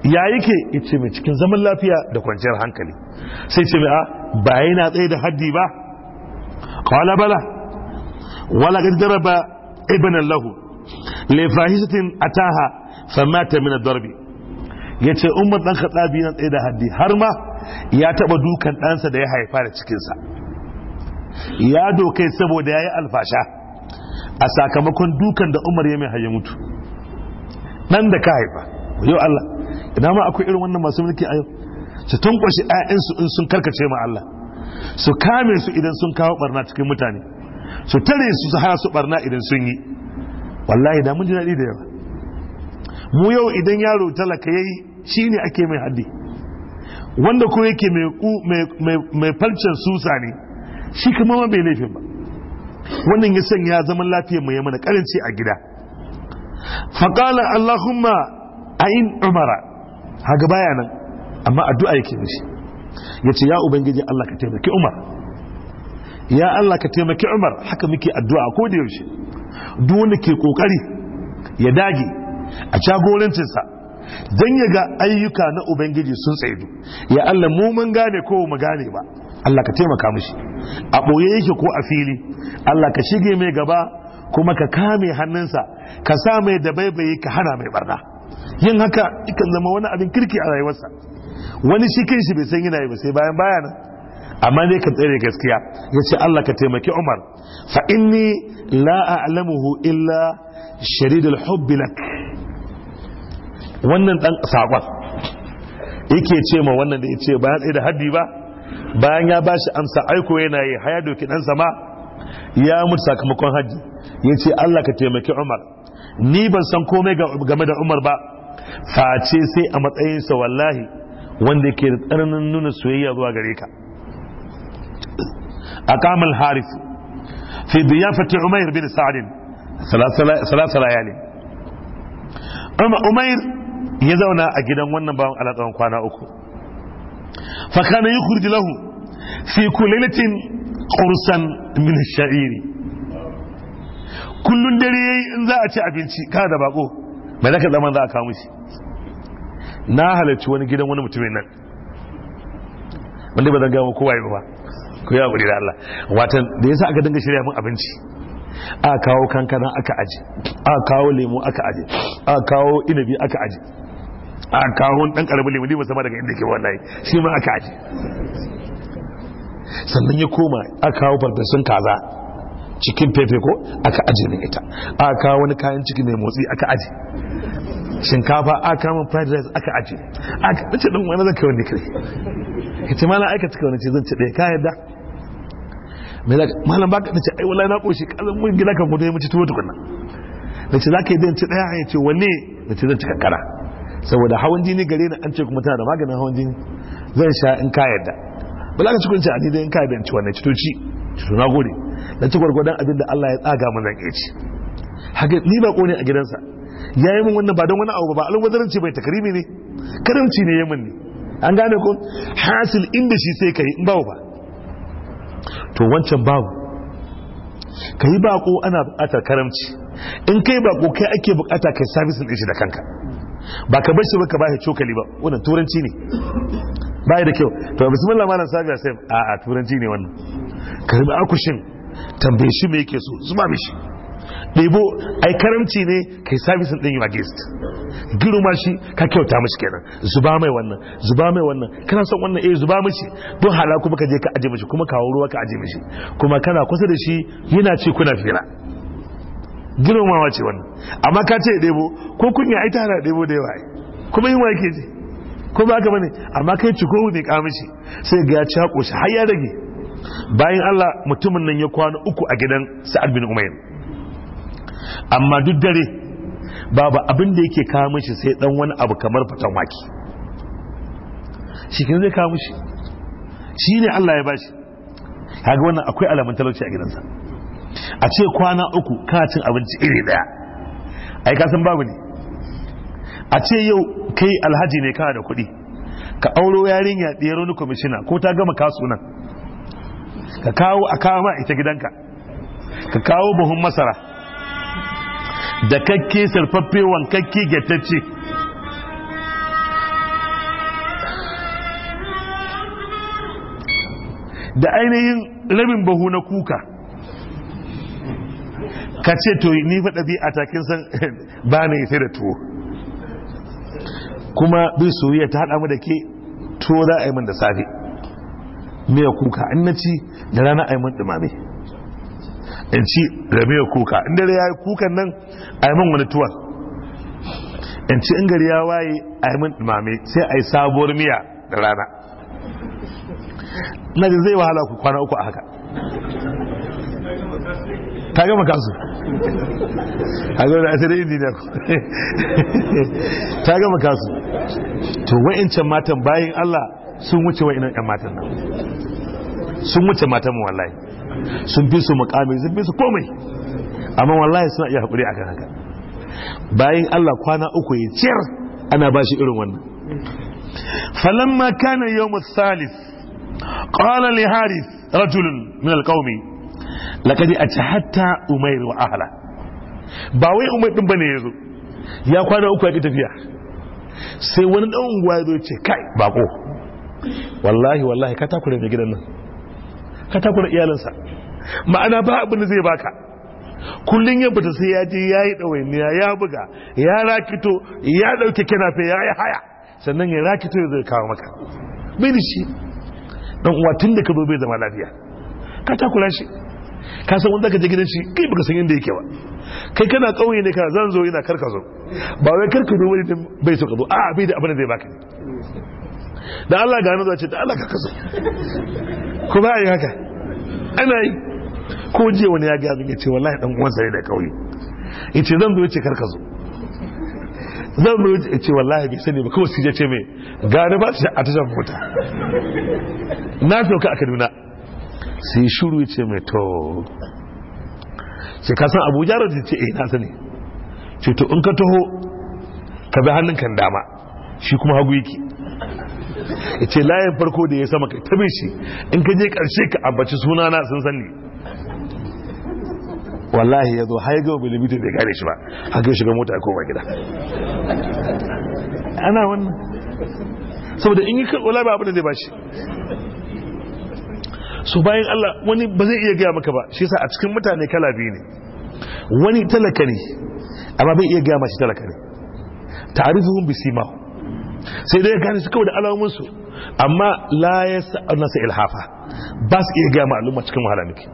[SPEAKER 1] ya yake yace mai cikin zaman lafiya da kwanciyar hankali sai ce mai a ba na tsaye da haddi ba kawala bala wala qad daraba ibnan lahu a fahishatin ataha famata ta mina darbi ce umar dan tsabi na tsaye da haddi har ma ya taba dukan ɗansa da ya haifa da cikinsa ya dokai saboda ya yi alfasha a sakamakon dukan da umar ya mai haye mutu ɗan da ka haifa yau Allah ina ma akwai irin wannan masu mulki a yau su tankwashe 'ya'yansu in sun karkace ma Allah su kame su idan sun kawo barna cikin mutane su tare su su hana su barna idan sun yi wallahi da mun ji daɗi da yawa mu yau idan yaro talaka yayi shine ake mai haddi wanda ko yake mai falcin susa ne shi kuma ma bai laifin ba wannan ya sanya zaman lafiyar mu ya mana karanci a gida faƙalar allahumma ayin umara haga baya nan amma addu'a yake mishi yace ya ubangiji Allah ka taimaki Umar ya Allah ka taimaki Umar haka muke addu'a ko da yaushe duk wanda ke kokari ya dage a sa dan ya ga ayyuka na ubangiji sun tsaye ya Allah mu mun gane ko mu gane ba Allah ka taimaka mishi a boye yake ko a fili Allah ka shige mai gaba kuma ka kame hannunsa ka sa mai da ka hana mai barna yin haka ikan zama wani abin kirki a rayuwarsa wani shi kan shi bai san yana yi ba sai bayan baya amma ne kan tsere gaskiya ya ce Allah ka taimaki Umar fa inni la a'lamuhu illa sharidul hubbi lak wannan dan sakon yake ce ma wannan da yace bayan sai da haddi ba bayan ya bashi amsa aiko yana yi haya doki dan sama ya mutu sakamakon haji yace Allah ka taimaki Umar ni ban san komai game da umar ba face sai a matsayinsa wallahi wanda ke da tsananin nuna soyayya zuwa gare ka a kamal harif fi diyafati umair bin sa'adin salasa layali umair ya zauna a gidan wannan bawan alaƙawan kwana uku fakana yi kurji lahu fi kulilitin ƙursan min sha'iri kullun dare yayi in za a ci abinci ka da bako mai zaka zaman za a kawo shi na halarci wani gidan wani mutumin nan wanda ba zan gama kowa ba ko ya guri da Allah watan da yasa aka dinga shirya mun abinci a kawo kankana aka aje a kawo lemu aka aje a kawo inabi aka aje a kawo dan karamin lemu ne musamman daga inda ke wallahi shi ma aka aje sannan ya koma a kawo farfesun kaza cikin fefe ko aka aje min ita aka kawo wani kayan ciki mai motsi aka aje shinkafa aka kawo min fried rice aka aje aka nace din wani zaka wani kare kace malam aika cika wani ce zan ci ɗaya ka yadda me zaka malam baka nace ai wallahi na koshi kazan mun gida kan gudu ya mutu tuwo tukunna ce zaka yi dan ci ɗaya ya ce wanne ce zan ci kankara saboda hawan jini gare ni an ce kuma tana da maganin hawan jini zan sha in ka yadda ba za ka ci kunci a ni dai in ka yadda in ci wannan ci ci tuna na gode na ci gurgurdan abin da Allah ya tsaga mana ne ci haka ni ba ne a gidansa ya yi min wannan ba don wani abu ba alwazarinci bai takrimi ne karamci ne ya ne an gane ko hasil inda shi sai kai in babu ba to wancan babu ka yi ko ana buƙatar karamci in kai ko kai ake buƙata kai service din shi da kanka ba ka bar shi ba ka ba shi cokali ba wannan turanci ne ba da kyau to bismillah malam sabiya sai a a turanci ne wannan karbi akushin tambaye shi me yake so zuba mishi ɗebo ai karamci ne kai sabisin ɗin ma Gino ma shi ka kyauta mishi kenan zuba mai wannan zuba mai wannan kana son wannan eh zuba mishi don hala kuma ka je ka aje mishi kuma kawo ruwa ka aje mishi kuma kana kusa da shi yana ce kuna fira ma ce wannan amma ka ce ɗebo ko kunya ai tana ɗebo da yawa ai kuma yin wake ji ko ba ka bane amma kai ciko ne ka mishi sai ga ya ci haƙo har ya rage bayan Allah mutumin nan ya kwana uku a gidan sa'ad bin Umayr amma duk dare babu abin da yake kawo mishi sai dan wani abu kamar fatan waki shi zai kawo mishi shi ne Allah ya bashi kaga wannan akwai alamun talauci a gidansa a ce kwana uku kana cin abinci iri daya ai ka san babu ne a ce yau kai alhaji ne kana da kuɗi ka auro yarinya ɗiyar wani kwamishina ko ta gama kasu nan ka kawo a kawo ma ita gidanka ka kawo buhun masara da kakke sarfaffe wankakke getacce da ainihin rabin buhu na kuka ka ce to ni faɗa bi a takin san ba na yi da tuwo kuma bi soyayya ta hada mu da ke tuwo za a yi min da safe miya kuka in na ci da rana a yi mun dumame in ci da miya kuka in dare ya yi kukan nan a yi mun wani tuwal. in ci in gari ya waye a yi mun dumame sai a yi sabuwar miya da rana na ji zai wahala ku kwana uku a haka ta gama kasu a gaba da asirin indiya ku ta gama kasu to wa'incan matan bayan allah sun wuce wa'inan 'yan matan nan sun wuce matan wallahi sun fi su mukami sun fi su komai amma wallahi suna iya haƙuri akan haka bayan Allah kwana uku ya ciyar ana ba shi irin wannan falamma kana yawm thalith qala li harith rajul min alqawm laqad ajhatta umayr wa ahla ba wai umayr din bane yazo ya kwana uku ya tafiya sai wani dan unguwa ya ce kai bako wallahi wallahi ka takure mai gidan nan ka takura iyalinsa ma'ana ba abin da zai baka kullum ya bata sai ya je ya yi ɗawainiya ya buga ya rakito ya ɗauke kenafe ya yi haya sannan ya rakito ya zai kawo maka bai da shi dan uwa da ka bai zama lafiya ka takura shi ka san wanda ka je gidan shi kai baka san yadda yake ba kai kana kauye ne kana zan zo ina karka ba wai karka wani bai so ka zo a bai da abin da zai baka da Allah ga hannu zace da Allah ka kaso ko ba yi haka ana yi ko jiya wani ya gabi ya ce wallahi dan uwan ne da kauye yace zan zo ce kar ka zo zan zo ce wallahi bai sani ba kawai sai ce mai gani ba shi a tashan mota na sauka a Kaduna sai shuru ce mai to sai ka san Abuja da ce eh na sani ce to in ka taho ka bi hannun kan dama shi kuma hagu yake ya ce layin farko da ya sama kai tabi shi in ka je karshe ka ambaci sunana sun sani wallahi ya zo har limitin da bai gane shi ba haka ya shiga mota ko ba gida ana wannan saboda in yi karɓo labar abin da zai bashi su bayan Allah wani ba zai iya gaya maka ba shi sa a cikin mutane kala biyu ne wani talaka ne amma bai iya gaya mashi talaka ne ta'arifuhum bisimahu sai dai gane su kawai da alamunsu amma la ya nasa ilhafa ba su iya gaya ma'alumma cikin wahala nake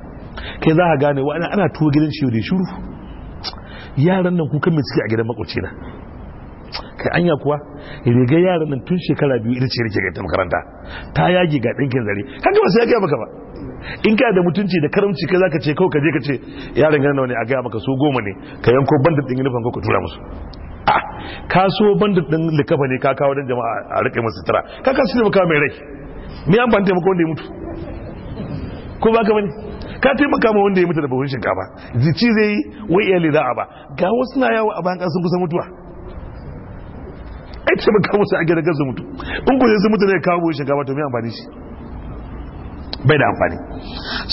[SPEAKER 1] kai za ka gane wa ana tuwo gidan shi da shuru yaran nan kuka mai ciki a gidan makwacina na kai anya kuwa riga yaran nan tun shekara biyu ita ce rike ta makaranta ta yage ga ɗinkin zare kan ba sai ya gaya maka ba in ka da mutunci da karamci ka zaka ce kawai ka je ka ce yaran gana ne a gaya maka su goma ne ka yanko banda ɗin yunifan ko ka tura musu ka so bandit din likafa ne ka kawo dan jama'a a rike masa tara ka ka su maka mai rai me an ban taimako wanda ya mutu ko ba ka bane ka taimaka ma wanda ya mutu da buhun shinkafa zici zai wai iya lida ba ga wasu na yawo a bayan sun kusa mutuwa ai maka musu a gidan gaza mutu in ku sai mutu ne kawo buhun shinkafa to me amfani shi bai da amfani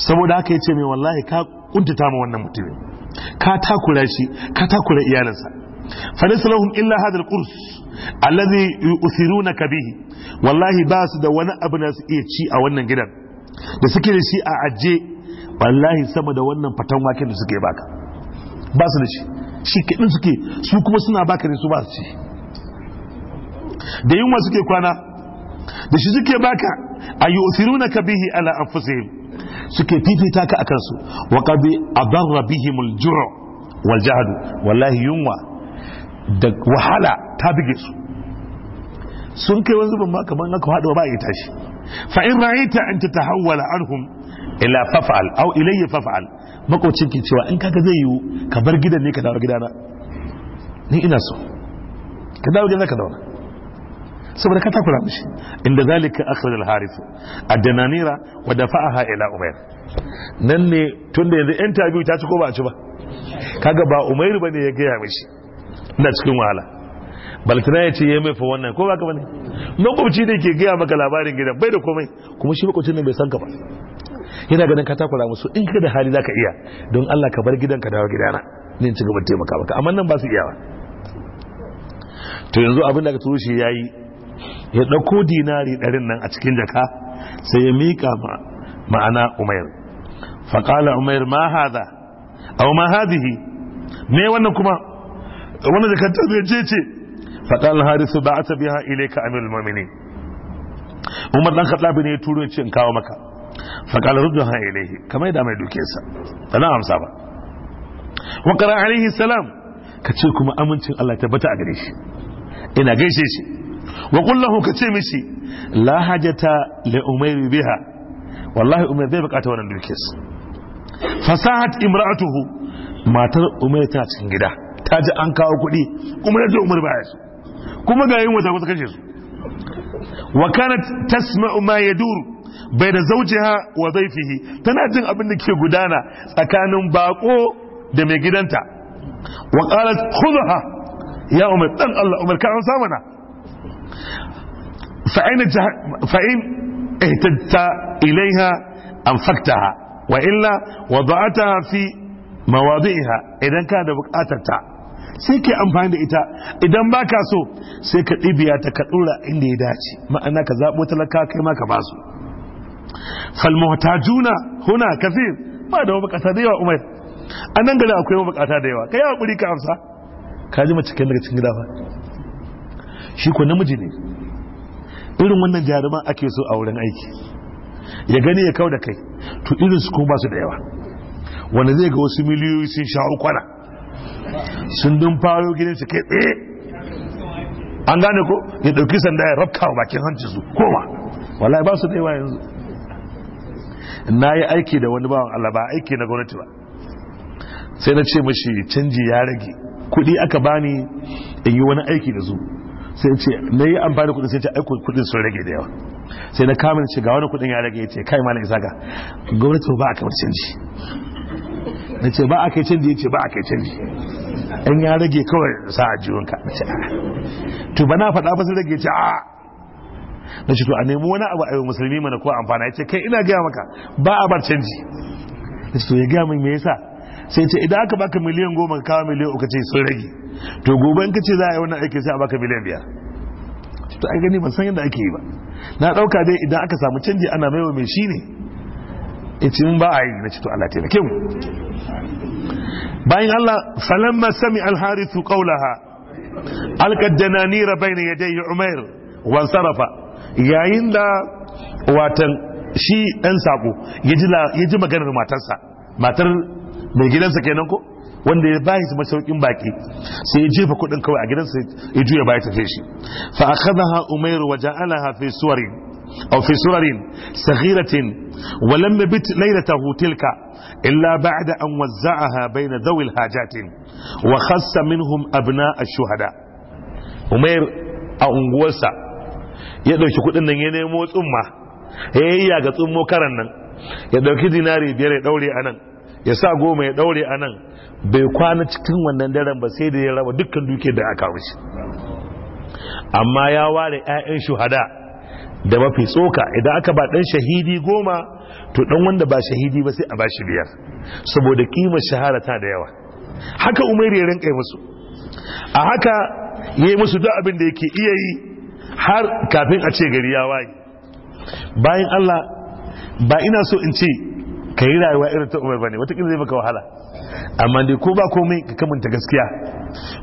[SPEAKER 1] saboda haka yace ce wallahi ka kuntata ma wannan mutumin ka takura shi ka takura iyalansa فليس لهم إلا هذا القرص الذي يؤثرونك به والله باس da wani abu na su iya ci a wannan gidan da suke da shi a aje wallahi sama da wannan fatan waken da suke baka ba su da shi shi kaɗin su kuma suna baka ne su ba su ci da yunwa suke kwana da shi suke baka a yi usiruna ka bihi ala anfusihim suke fifita ka akan su wa qad adarra bihim wal jahd wallahi yunwa da wahala ta buge su sun kai wani zubin ma kamar na kawo ba ya tashi fa in ra'aita an ta tahawwala anhum ila faf'al aw ilayya fa'al. makocin ki cewa in kaga zai yiwu ka bar gidan ne ka dawo gidana ni ina so ka dawo gidana ka dawo saboda ka takura mishi inda zalika akhraj al-harith ad-dananira wa dafa'aha ila umayr nan ne tunda yanzu interview ta ci ko ba ci ba kaga ba umayr bane ya gaya mishi na cikin wahala balkina ya ce ya mai fa wannan ko baka bane kwamci ne ke gaya maka labarin gidan bai da komai kuma shi makwacin nan bai san ka ba yana ganin ka takura musu in ka da hali za ka iya don Allah ka bar gidan ka dawo gidana zan ci gaba taimaka maka amma nan ba su iyawa to yanzu abin da ka turo ya yi ya dauko dinari ɗarin nan a cikin jaka sai ya mika ma'ana umair qala umair ma hadha aw ma hadhihi me wannan kuma wannan da kanta zai je ce faɗan harisu ba a tabi ha ile ka amir mamini umar dan khatlabi ne ya turo ce in kawo maka faƙalar rudu ha ilaihi kamar yadda mai duke sa ba na amsa ba wa alaihi salam ka ce kuma amincin allah tabbata a gare shi ina gaishe shi wa kullahu ka ce mishi la hajata li umayr biha wallahi umar bai bukata wannan duke sa fasahat imra'atuhu matar umar tana cikin gida ta ji an kawo kuɗi kuma na ji umar baya su kuma ga yin wata kusa kashe su wa kanat tasma'u ma duru bai da zaujiha wa zaifihi tana jin abin da ke gudana tsakanin bako da mai gidanta wa qalat khudha ya umar 'Ɗan Allah umar ka an samana fa'in fa'in ihtajta ilaiha anfaktaha wa illa wada'ataha fi mawadi'iha idan ka da ta. sai ke amfani da ita idan ba ka so sai ka ɗibiya ta ka ɗora inda ya dace ma'ana ka zaɓo talaka kai ma ka ba su juna huna kafi ba da mabukata da yawa umar a nan gari akwai mabukata da yawa ka yawa ɓuri ka amsa ka ji mace daga cikin gida ba shi ko namiji ne irin wannan jaruman ake so a wurin aiki ya gani ya kau da kai to irin su kuma ba su da yawa wanda zai ga wasu miliyoyi sun sha kwana sun dun faro gidan kai tsaye an gane ko ya dauki sanda ya rafka bakin hancin su koma wallahi ba su da yawa yanzu na yi aiki da wani bawan Allah ba aiki na gwamnati ba sai na ce mashi canji ya rage kuɗi aka bani in yi wani aiki da su sai ce na yi amfani kuɗi sai ce aiki kudin sun rage da yawa sai na kama ce ga wani kudin ya rage ya ce kai na isa ga gwamnati ba a kamar canji na ce ba a kai canji ya ce ba a kai canji in ya rage kawai sa a jiwonka to ba na faɗa ba rage ce a na ce to a nemi wani abu a yi musulmi mana ko amfana ya ce kai ina gaya maka ba a bar canji na ce to ya gaya min me yasa sai ce idan aka baka miliyan goma ka kawo miliyan uku ce sun rage to gobe in ka ce za a yi wannan aiki sai a baka miliyan biyar to ai gani ban san yadda ake yi ba na ɗauka dai idan aka samu canji ana maiwa mai shi ne ya ce mun ba a yi na ce to Allah taimake mu bayan Allah falamma sami alharithu qawlaha alqad dananira bayna yadayhi umair wa sarafa yayin da watan shi dan sako ya ji maganar matarsa matar mai gidansa kenan ko wanda ya bayi masaukin baki sai ya jefa kudin kawai a gidansa ya juya baya tafe shi fa akhadha umair wa ja'alaha fi suwarin أو في سورة صغيرة ولم يبت ليلته تلك إلا بعد أن وزعها بين ذوي الحاجات وخص منهم أبناء الشهداء أمير أنغوسا يدو شكوت أن ينمو أمة هي يا قط أمو كرنا يدعو كديناري بيري دولي أنا يسا قوم دولي أنا bai kwana cikin wannan daren ba sai da ya raba dukkan duke da aka wuce da mafi tsoka idan aka ba dan shahidi goma to dan wanda ba shahidi ba sai a bashi biyar saboda kimar shahara ta da yawa haka umar ya rinka musu a haka ya yi musu duk abin da yake iya yi har kafin a ce gari ya waye bayan Allah ba ina so in ce ka yi rayuwa irin ta umar bane wataƙila zai baka wahala amma dai ko ba komai ka kamanta gaskiya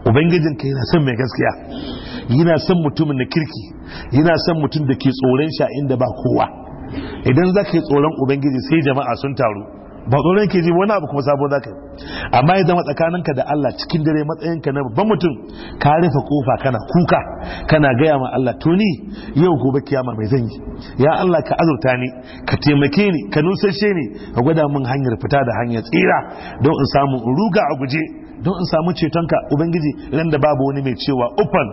[SPEAKER 1] ubangijin ka yana son mai gaskiya yana son mutumin na kirki yana son mutum da ke tsoron sha inda ba kowa idan za ka yi tsoron ubangiji sai jama'a sun taru ba tsoron ke ji wani abu kuma sabo za ka yi amma ya zama tsakaninka da Allah cikin dare matsayinka na babban mutum ka rufe kofa kana kuka kana gaya ma Allah to yau gobe kiyama mai zan yi ya Allah ka azurta ni ka taimake ni ka nusashe ni ka gwada min hanyar fita da hanyar tsira don in samu in ruga a guje don in samu cetonka ubangiji ran da babu wani mai cewa ufan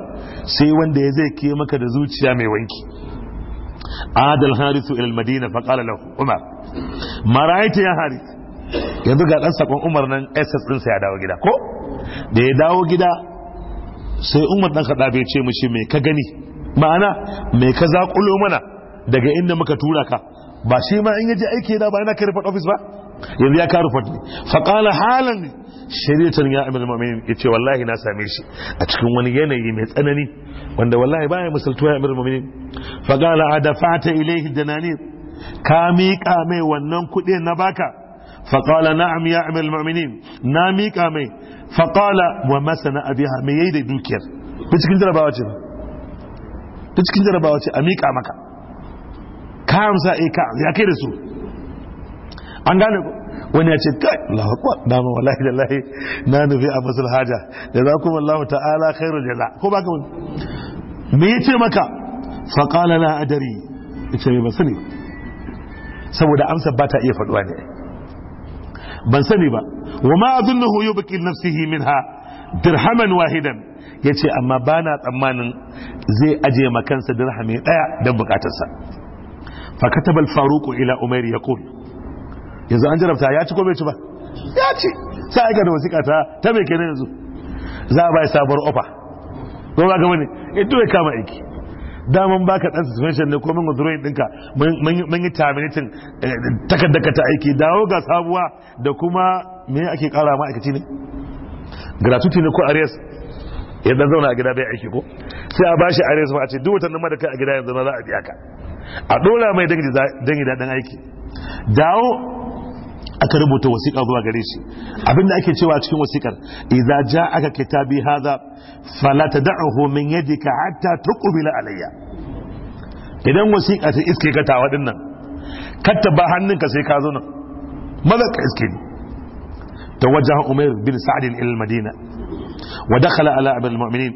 [SPEAKER 1] sai wanda ya zai ke maka da zuciya mai wanki عاد الحارث الى المدينه فقال له عمر ما رايت يا حارث yanzu ga dan sakon Umar nan SS din sai ya dawo gida ko da ya dawo gida sai Umar dan Khattab bai ce mishi me ka gani ma'ana me ka zakulo mana daga inda muka tura ka ba shi ma in yaje aiki da ba yana kai report office ba yanzu ya ka report ne fa qala halan shari'atan ya amir mu'minin ce wallahi na same shi a cikin wani yanayi mai tsanani wanda wallahi baya misaltuwa ya amir mu'minin fa qala adafata ilayhi dananir ka miƙa mai wannan kuɗi na baka fa na amir ya amir mu'minin na miƙa mai fa qala wa masana abiha me yayi da dukiyar ta cikin jarabawa ce ta cikin jarabawa ce a miƙa maka ka amsa eka eh, ka ya kai da su an gane ku. wani ya ce kai Allahu akbar dama wallahi da lahi na nufi a fasul haja jazakum Allahu ta'ala khairul jaza ko ba ka mun me yace maka fa na la adari yace me ba sani saboda amsa ba ta iya faɗuwa ne ban sani ba wa ma adunnahu yubqi nafsihi ha dirhaman wahidan yace amma bana tsammanin zai aje makansa dirhami daya dan bukatarsa fa katabal faruqu ila ya yaqul yanzu an jarabta ya ci ko bai ci ba ya ci sai aika da wasiƙa ta ta mai kenan yanzu za a bai sabuwar ofa ko ba gama ne ito eh, ya kama aiki daman baka dan suspension ne ko min wuzuri dinka mun yi terminating eh, takaddaka ta aiki dawo ga sabuwa da kuma me ake kara ma'aikaci ne gratuity ne ko arrest ya dan zauna a gida bai aiki ko sai a bashi arrest ba a ce duk wata nan da kai a gida yanzu na za a biya ka a dora mai dangi dan aiki dawo aka rubuta wasiƙa zuwa gare shi abinda ake cewa cikin wasiƙar idza ja'aka kitabi hadha fala tad'uhu min yadika hatta tuqbila alayya idan wasiƙa ta iske ka tawa dinnan ba hannun ka sai ka zo nan maza ka iske ni tawajjaha umar bin sa'd ila al-madina wa dakhala ala abil mu'minin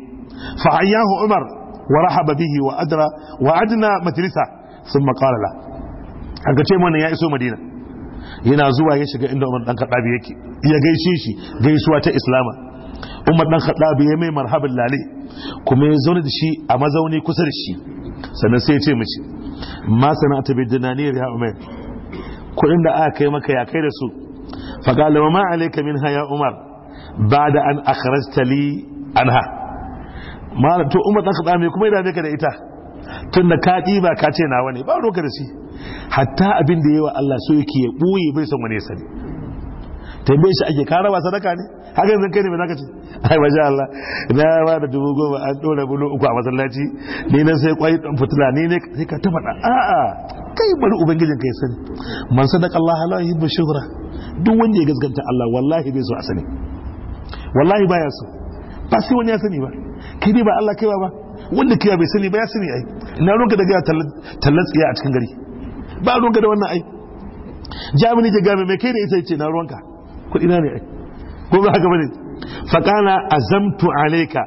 [SPEAKER 1] fa ayyahu umar wa rahaba wa adra wa adna majlisa thumma ce mun ya iso madina yana zuwa ya shiga inda umar dan kadabi yake ya gaishe shi gaisuwa ta islama umar dan kadabi ya mai marhaban lale kuma ya zauna da shi a mazauni kusa da shi sannan sai ya ce mishi ma sana'ata bi dinaniyar ya umar kuɗin da aka kai maka ya kai da su faqala wa ma alayka min ya umar ba'da an akhrajta li anha malam to umar dan kadabi kuma ya dame ka da ita tunda ka ɗiba ka ce nawa ne ba roka da shi hatta abin da yawa Allah so yake ya boye bai san wani sani tambaye shi ake kara ba sadaka ne haka zan kai ne ba zaka ce ai masha Allah na ba da dubu goma an dora bulu uku a masallaci ni nan sai kwai dan fitila ni ne sai ka ta a a'a kai bari ubangijin kai sani man sadaka Allah la yuhibbu shuhra duk wanda ya gaskanta Allah wallahi bai so a sani wallahi baya so ba sai wani ya sani ba kai dai ba Allah kai ba wanda kai bai sani ba ya sani ai Na ruwanka daga tallan tsiya a cikin gari ba a ruwanka da wannan ai jami'in ke gami mai kai da ita ce na ruwanka kuɗi na ne ai ko ba haka bane faƙana azamtu alaika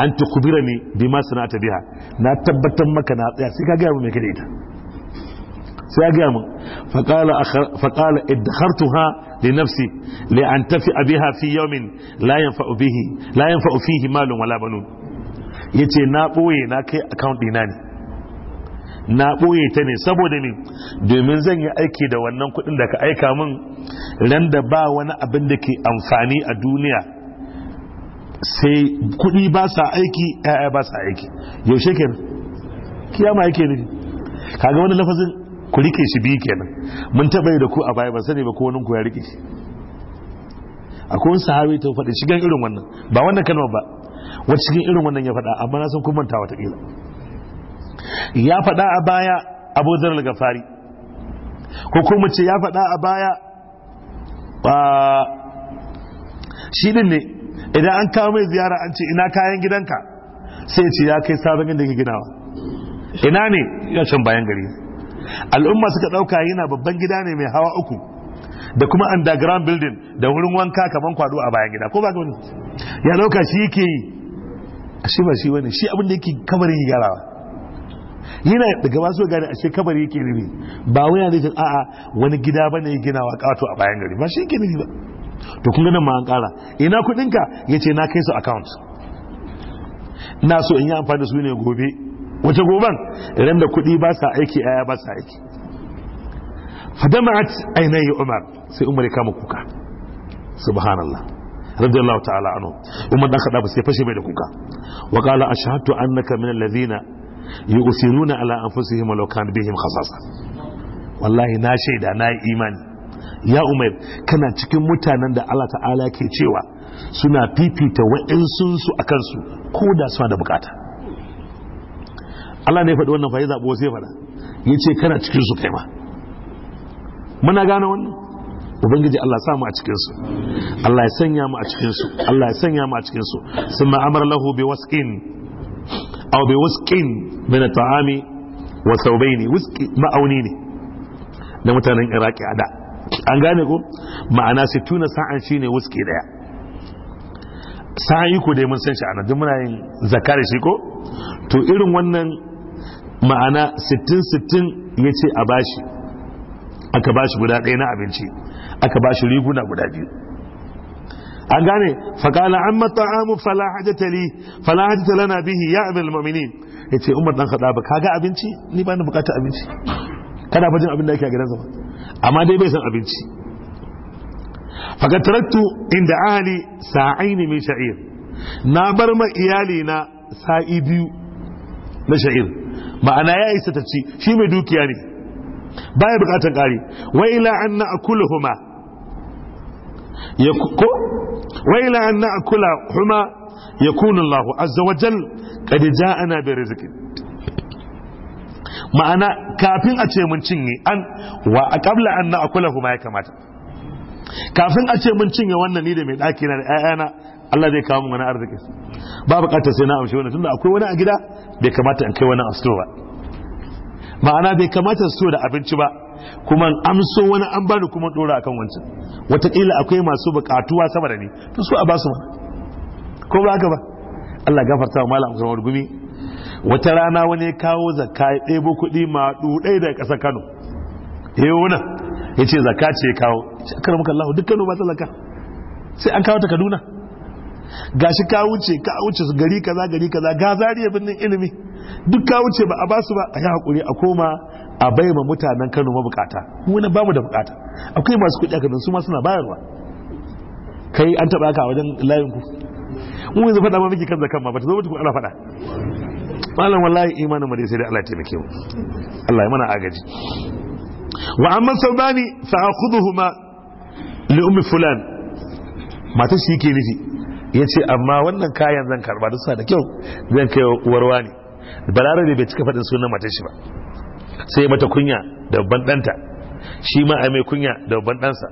[SPEAKER 1] an tukubira ne bi ma sanata biha na tabbatar maka na tsaya sai ka gaya mai kai da ita sai ya gaya min faƙala idhartuha li nafsi li an tafi abiha fi yawmin la yanfa'u bihi la yanfa'u fihi malun wala banun yace na boye na kai account dina ne na ɓoye ta ne saboda ne domin zan yi aiki da wannan kuɗin da ka aika min ran da ba wani abin da ke amfani a duniya sai kuɗi ba sa aiki ya'ya ba sa aiki yaushe kenan kiyama yake ne kaga wani lafazin ku rike shi biyu kenan mun taɓa da ku a baya ba sani ba ko wani ku ya rike shi akwai wani sahabi ta faɗi shigan irin wannan ba wannan kalmar ba wacce cikin irin wannan ya faɗa amma na san kun manta wata kila ya faɗa a baya abu zarar gafari ko kuma ce ya faɗa a baya shi ɗin ne idan an kawo mai ziyara an ce ina kayan gidanka sai ce ya kai sabon inda ke ginawa ina ne ya can bayan gari al'umma suka ɗauka yana babban gida ne mai hawa uku da kuma underground building da wurin wanka kamar kwado a bayan gida ko ba ya ɗauka shi yake yi shi ba shi wani shi abin da yake kamarin gyarawa yana daga masu gane ashe kabari yake nufi ba wani yana zai a'a wani gida bane ya wa kato a bayan gari ba shi yake nufi ba to kun nan ma an kara ina kudin ka ce na kai su account na so in yi amfani da su ne gobe wace goban ran da kuɗi ba sa aiki aya ba sa aiki fadamat ainihi umar sai umar ya kama kuka subhanallah رضي الله تعالى عنه ومن أخذ أبو سيفشي بين كوكا وقال أشهدت أنك من الذين yusiruna ala anfusihim law kan bihim khasasa wallahi na shaida na yi imani ya umar kana cikin mutanen da Allah ta'ala ke cewa suna fifita wa'insun su akan su ko da suna da bukata Allah ne faɗi wannan fa ya zaɓi wasu ya faɗa ya ce kana cikin su kai ma muna gane wannan ubangiji Allah sa mu a cikin su Allah ya sanya mu a cikin su Allah ya sanya mu a cikin su summa amara lahu bi waskin. aw bi wusqin min at'ami wa thawbaini wusqi ma'auni ne da mutanen iraki a da an gane ko ma'ana tuna sa'an shine wusqi daya sa'ayi ko dai mun san shi ana duk muna yin zakari shi ko to irin wannan ma'ana 60-60 ya ce a bashi aka bashi guda ɗaya na abinci aka bashi riguna guda biyu an gane faƙala an mata'amu fala hajjata li fala hajjata lana bihi ya amil mu'minin yace umar dan khadabi kaga abinci ni ba ni bukatar abinci kana fajin abin da yake a gidan ba amma dai bai san abinci faƙa inda inda ahli sa'aini min sha'ir na bar ma iyali na sa'i biyu na sha'ir ma'ana ya isa ta ci shi mai dukiya ne baya bukatar kari wa ila an na akuluhuma ya ko وإلى أن نأكل حما يكون الله عز وجل قد جاءنا برزق ma'ana kafin a ce mun cinye an wa a kabla an a akula kuma ya kamata kafin a ce mun cinye wannan ni da mai ɗaki na da ƴaƴana Allah zai kawo mun wani arziki ba bukatar sai na amshi wani, tunda akwai wani a gida bai kamata in kai wani a ba ma'ana bai kamata su da abinci ba kuma amso wani an bani kuma dora akan wancan wataƙila akwai masu buƙatuwa sama da ni to su a basu ma ko ba haka ba Allah gafarta wa malam Usman Gumi wata rana wani kawo zakka ya ɗebo kuɗi ma dudai daga ƙasar Kano eh wannan yace zakka ce kawo shakar muka Allah duk Kano ba ta zakka sai an kawo ta Kaduna gashi ka wuce ka wuce gari kaza gari kaza ga zariya birnin ilimi duk ka wuce ba a basu ba a yi hakuri a koma a bai ma mutanen kano mabukata mu ba mu da bukata akwai masu kuɗi a su ma suna bayarwa kai an taɓa ka a wajen layin ku mun yanzu faɗa ma miki kan zakan ma ba ta zo mutuku ana faɗa malam wallahi imanin mu dai sai dai Allah ya taimake mu Allah ya mana agaji wa amma saubani fa akhuduhuma li ummi fulan mata shi yake nufi yace amma wannan kayan zan karba da su da kyau zan kai warwani balarabe bai cika faɗin sunan matar shi ba sai mata kunya da babban ɗanta shi ma a mai kunya da babban ɗansa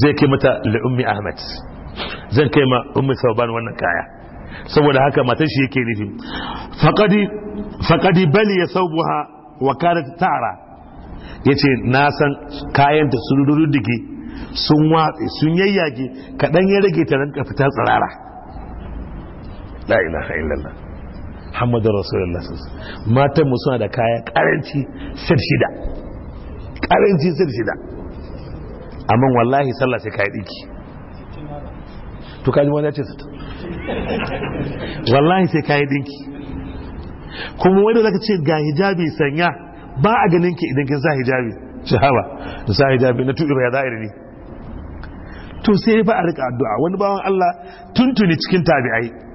[SPEAKER 1] zai kai mata la'ummi Ahmed. zan kai ma ummi sauban wannan kaya saboda haka matan shi yake nufi faƙadi bali ya saubuha wa kare tara ya ce na san kayanta sun rurrudugi sun watsi sun yayyage kaɗan ya rage ta ranka fita tsirara la ilaha illallah Muhammadu Rasulullah matan mu suna da kaya karanci sir shida karanci sir shida amma wallahi sallah sai kai diki to kaji wani ya ce su wallahi sai kai diki kuma wanda zaka ce ga hijabi sanya ba a ganin ki idan kin sa hijabi ci haba da sa hijabi na tuɗi ba ya za'iri ne to sai ba a rika addu'a wani bawan Allah tuntuni cikin tabi'ai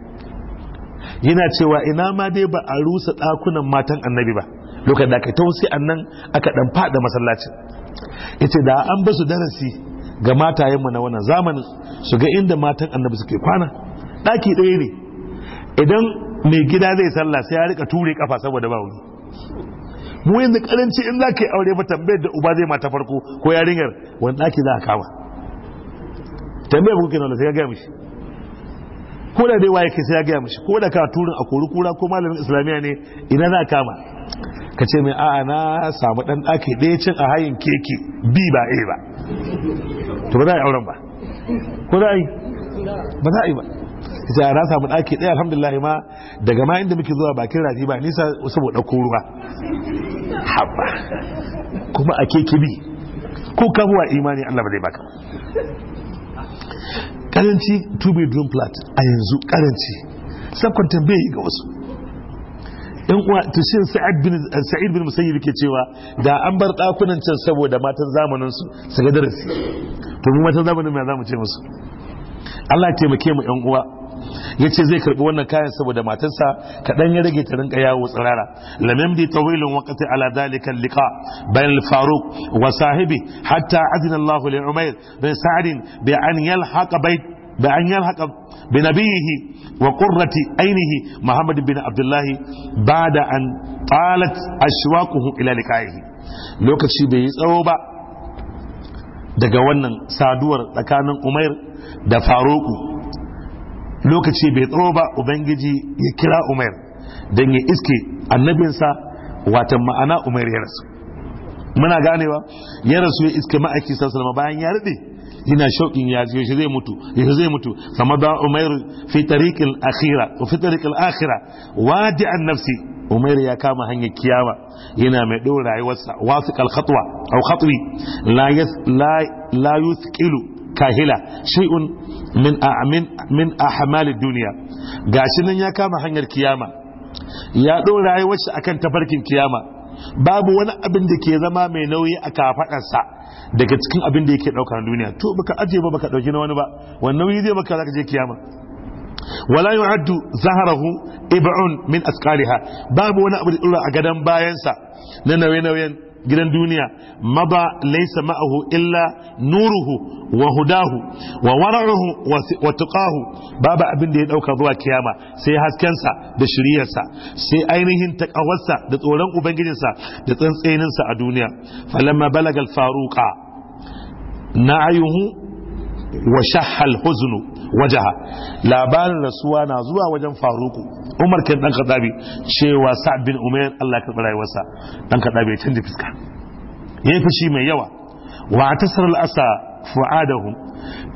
[SPEAKER 1] yana cewa ina ma dai ba a rusa ɗakunan matan annabi ba lokacin da aka tausi nan aka ɗan faɗa masallacin yace da an basu darasi ga matayenmu na wannan zamanin su ga inda matan annabi suke kwana ɗaki ɗaya ne idan mai gida zai sallah sai ya rika ture kafa saboda ba wuri mu yanzu karanci in za yi aure ba tambayar da uba zai mata farko ko yarinyar wani ɗaki za a kama tambayar kuka da sai ya gaya mishi ko da dai waye kai sai ya gaya mashi ko da ka turin a kori kura ko malamin islamiyya ne ina za kama ka ce mai a'a na samu dan ɗaki ɗaya cin a hayin keke bi ba a ba to ba za a yi auren ba ko za a yi ba za a yi ba ita a na samu ɗaki ɗaya alhamdulillah ma daga ma inda muke zuwa bakin rafi ba nisa saboda ɗauko ruwa haba kuma a keke bi ko kabuwa imani Allah ba zai baka karanci two bedroom flat a yanzu karanci sabkwantan bai yi ga wasu yan uwa to eh, sa'id bin sa'id cewa da an bar ɗakunan can saboda matan zamanin su su ga darasi to mu matan zamanin mu za mu ce musu Allah ya taimake mu yan uwa ya ce zai karbi wannan kayan saboda matarsa kaɗan ya rage ta rinka yawo tsirara lamim bi tawilin wakati ala dalika liqa bayan Faruk. wa sahibi hatta adina Allah li umayr bin sa'd bi an yalhaqa bayt bi an yalhaqa bi nabiyhi wa qurrati ainihi Muhammad bin Abdullah ba'da an talat ashwaquhu ila liqaihi lokaci bai yi tsawo ba daga wannan saduwar tsakanin Umair da Faruku lokaci bai tsaro ba ubangiji ya kira umar don ya iske annabinsa watan ma'ana umar ya rasu muna ganewa ya rasu ya iske ma'aiki sassalama bayan ya rade yana shauƙin ya ji shi zai mutu shi zai mutu sama da umar fi tariqil akhira wa fi tariqil akhira an nafsi umar ya kama hanyar kiyama yana mai ɗora rayuwarsa wasu al-khatwa au khatwi la yuthqilu kahila shay'un min min min ahmal duniya gashi nan ya kama hanyar kiyama ya dora rayuwar akan tafarkin kiyama babu wani abin da ke zama mai nauyi a kafadarsa daga cikin abin da yake dauka duniya to baka aje ba baka dauki na wani ba wannan nauyi zai baka zaka je kiyama wala yu'addu zaharahu ib'un min asqaliha babu wani abu da dora a gadan bayansa na nauye-nauyen gidan duniya maba laisa ma'ahu illa nuruhu wa hudahu wa wara'uhu wa tuqahu babu abin da ya dauka zuwa kiyama sai haskensa da shiriyarsa sai ainihin takawarsa da tsoron ubangijinsa da tsantseninsa a duniya falamma balagal faruqa na'ayuhu wa shahal huznu wajaha labarin rasuwa na zuwa wajen faruku umar kan dan kadabi cewa sa'ad bin umair Allah ka tsara wasa dan kadabi ya canza fuska yayi fushi mai yawa wa tasar al-asa fu'adahum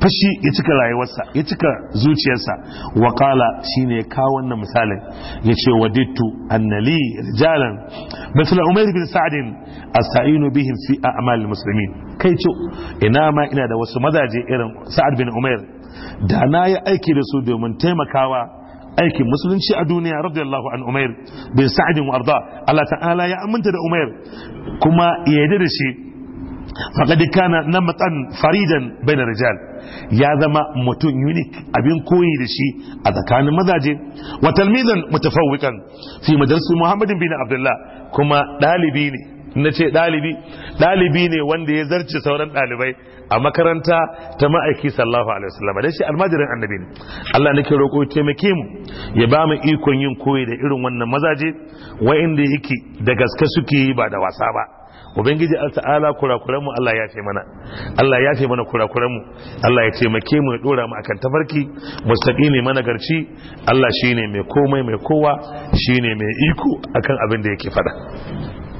[SPEAKER 1] fashi ya cika rayuwarsa ya cika zuciyarsa wa qala shine ya kawo wannan misalin yace wadittu annali rijalan mithl Umar bin sa'd astainu bihim fi a'mal muslimin kai ce ina ma ina da wasu mazaje irin sa'ad bin umair da na yi aiki da su domin taimakawa aikin musulunci a duniya radiyallahu an umair bin sa'adin wa arda Allah ta'ala ya aminta da umair kuma ya yarda da shi faqad kana matsan faridan na rijal ya zama mutum unique abin koyi da shi a tsakanin mazaje wa talmizan mutafawwiqan fi madrasati muhammadin bin abdullah kuma ɗalibi ne na ce ɗalibi ɗalibi ne wanda ya zarce sauran ɗalibai a makaranta ta ma'aiki sallahu alaihi wasallam dan shi almajirin annabi ne Allah nake roƙo taimake mu ya ba mu ikon yin koyi da irin wannan mazaje wa'inda yake da gaske suke yi ba da wasa ba ubangiji kurakuran mu Allah ya ce mana Allah ya ce mana mu, Allah ya taimake mu ya dora mu akan tafarki mustaqimi mana garci Allah shine mai komai mai kowa shine mai iko akan abin da yake fada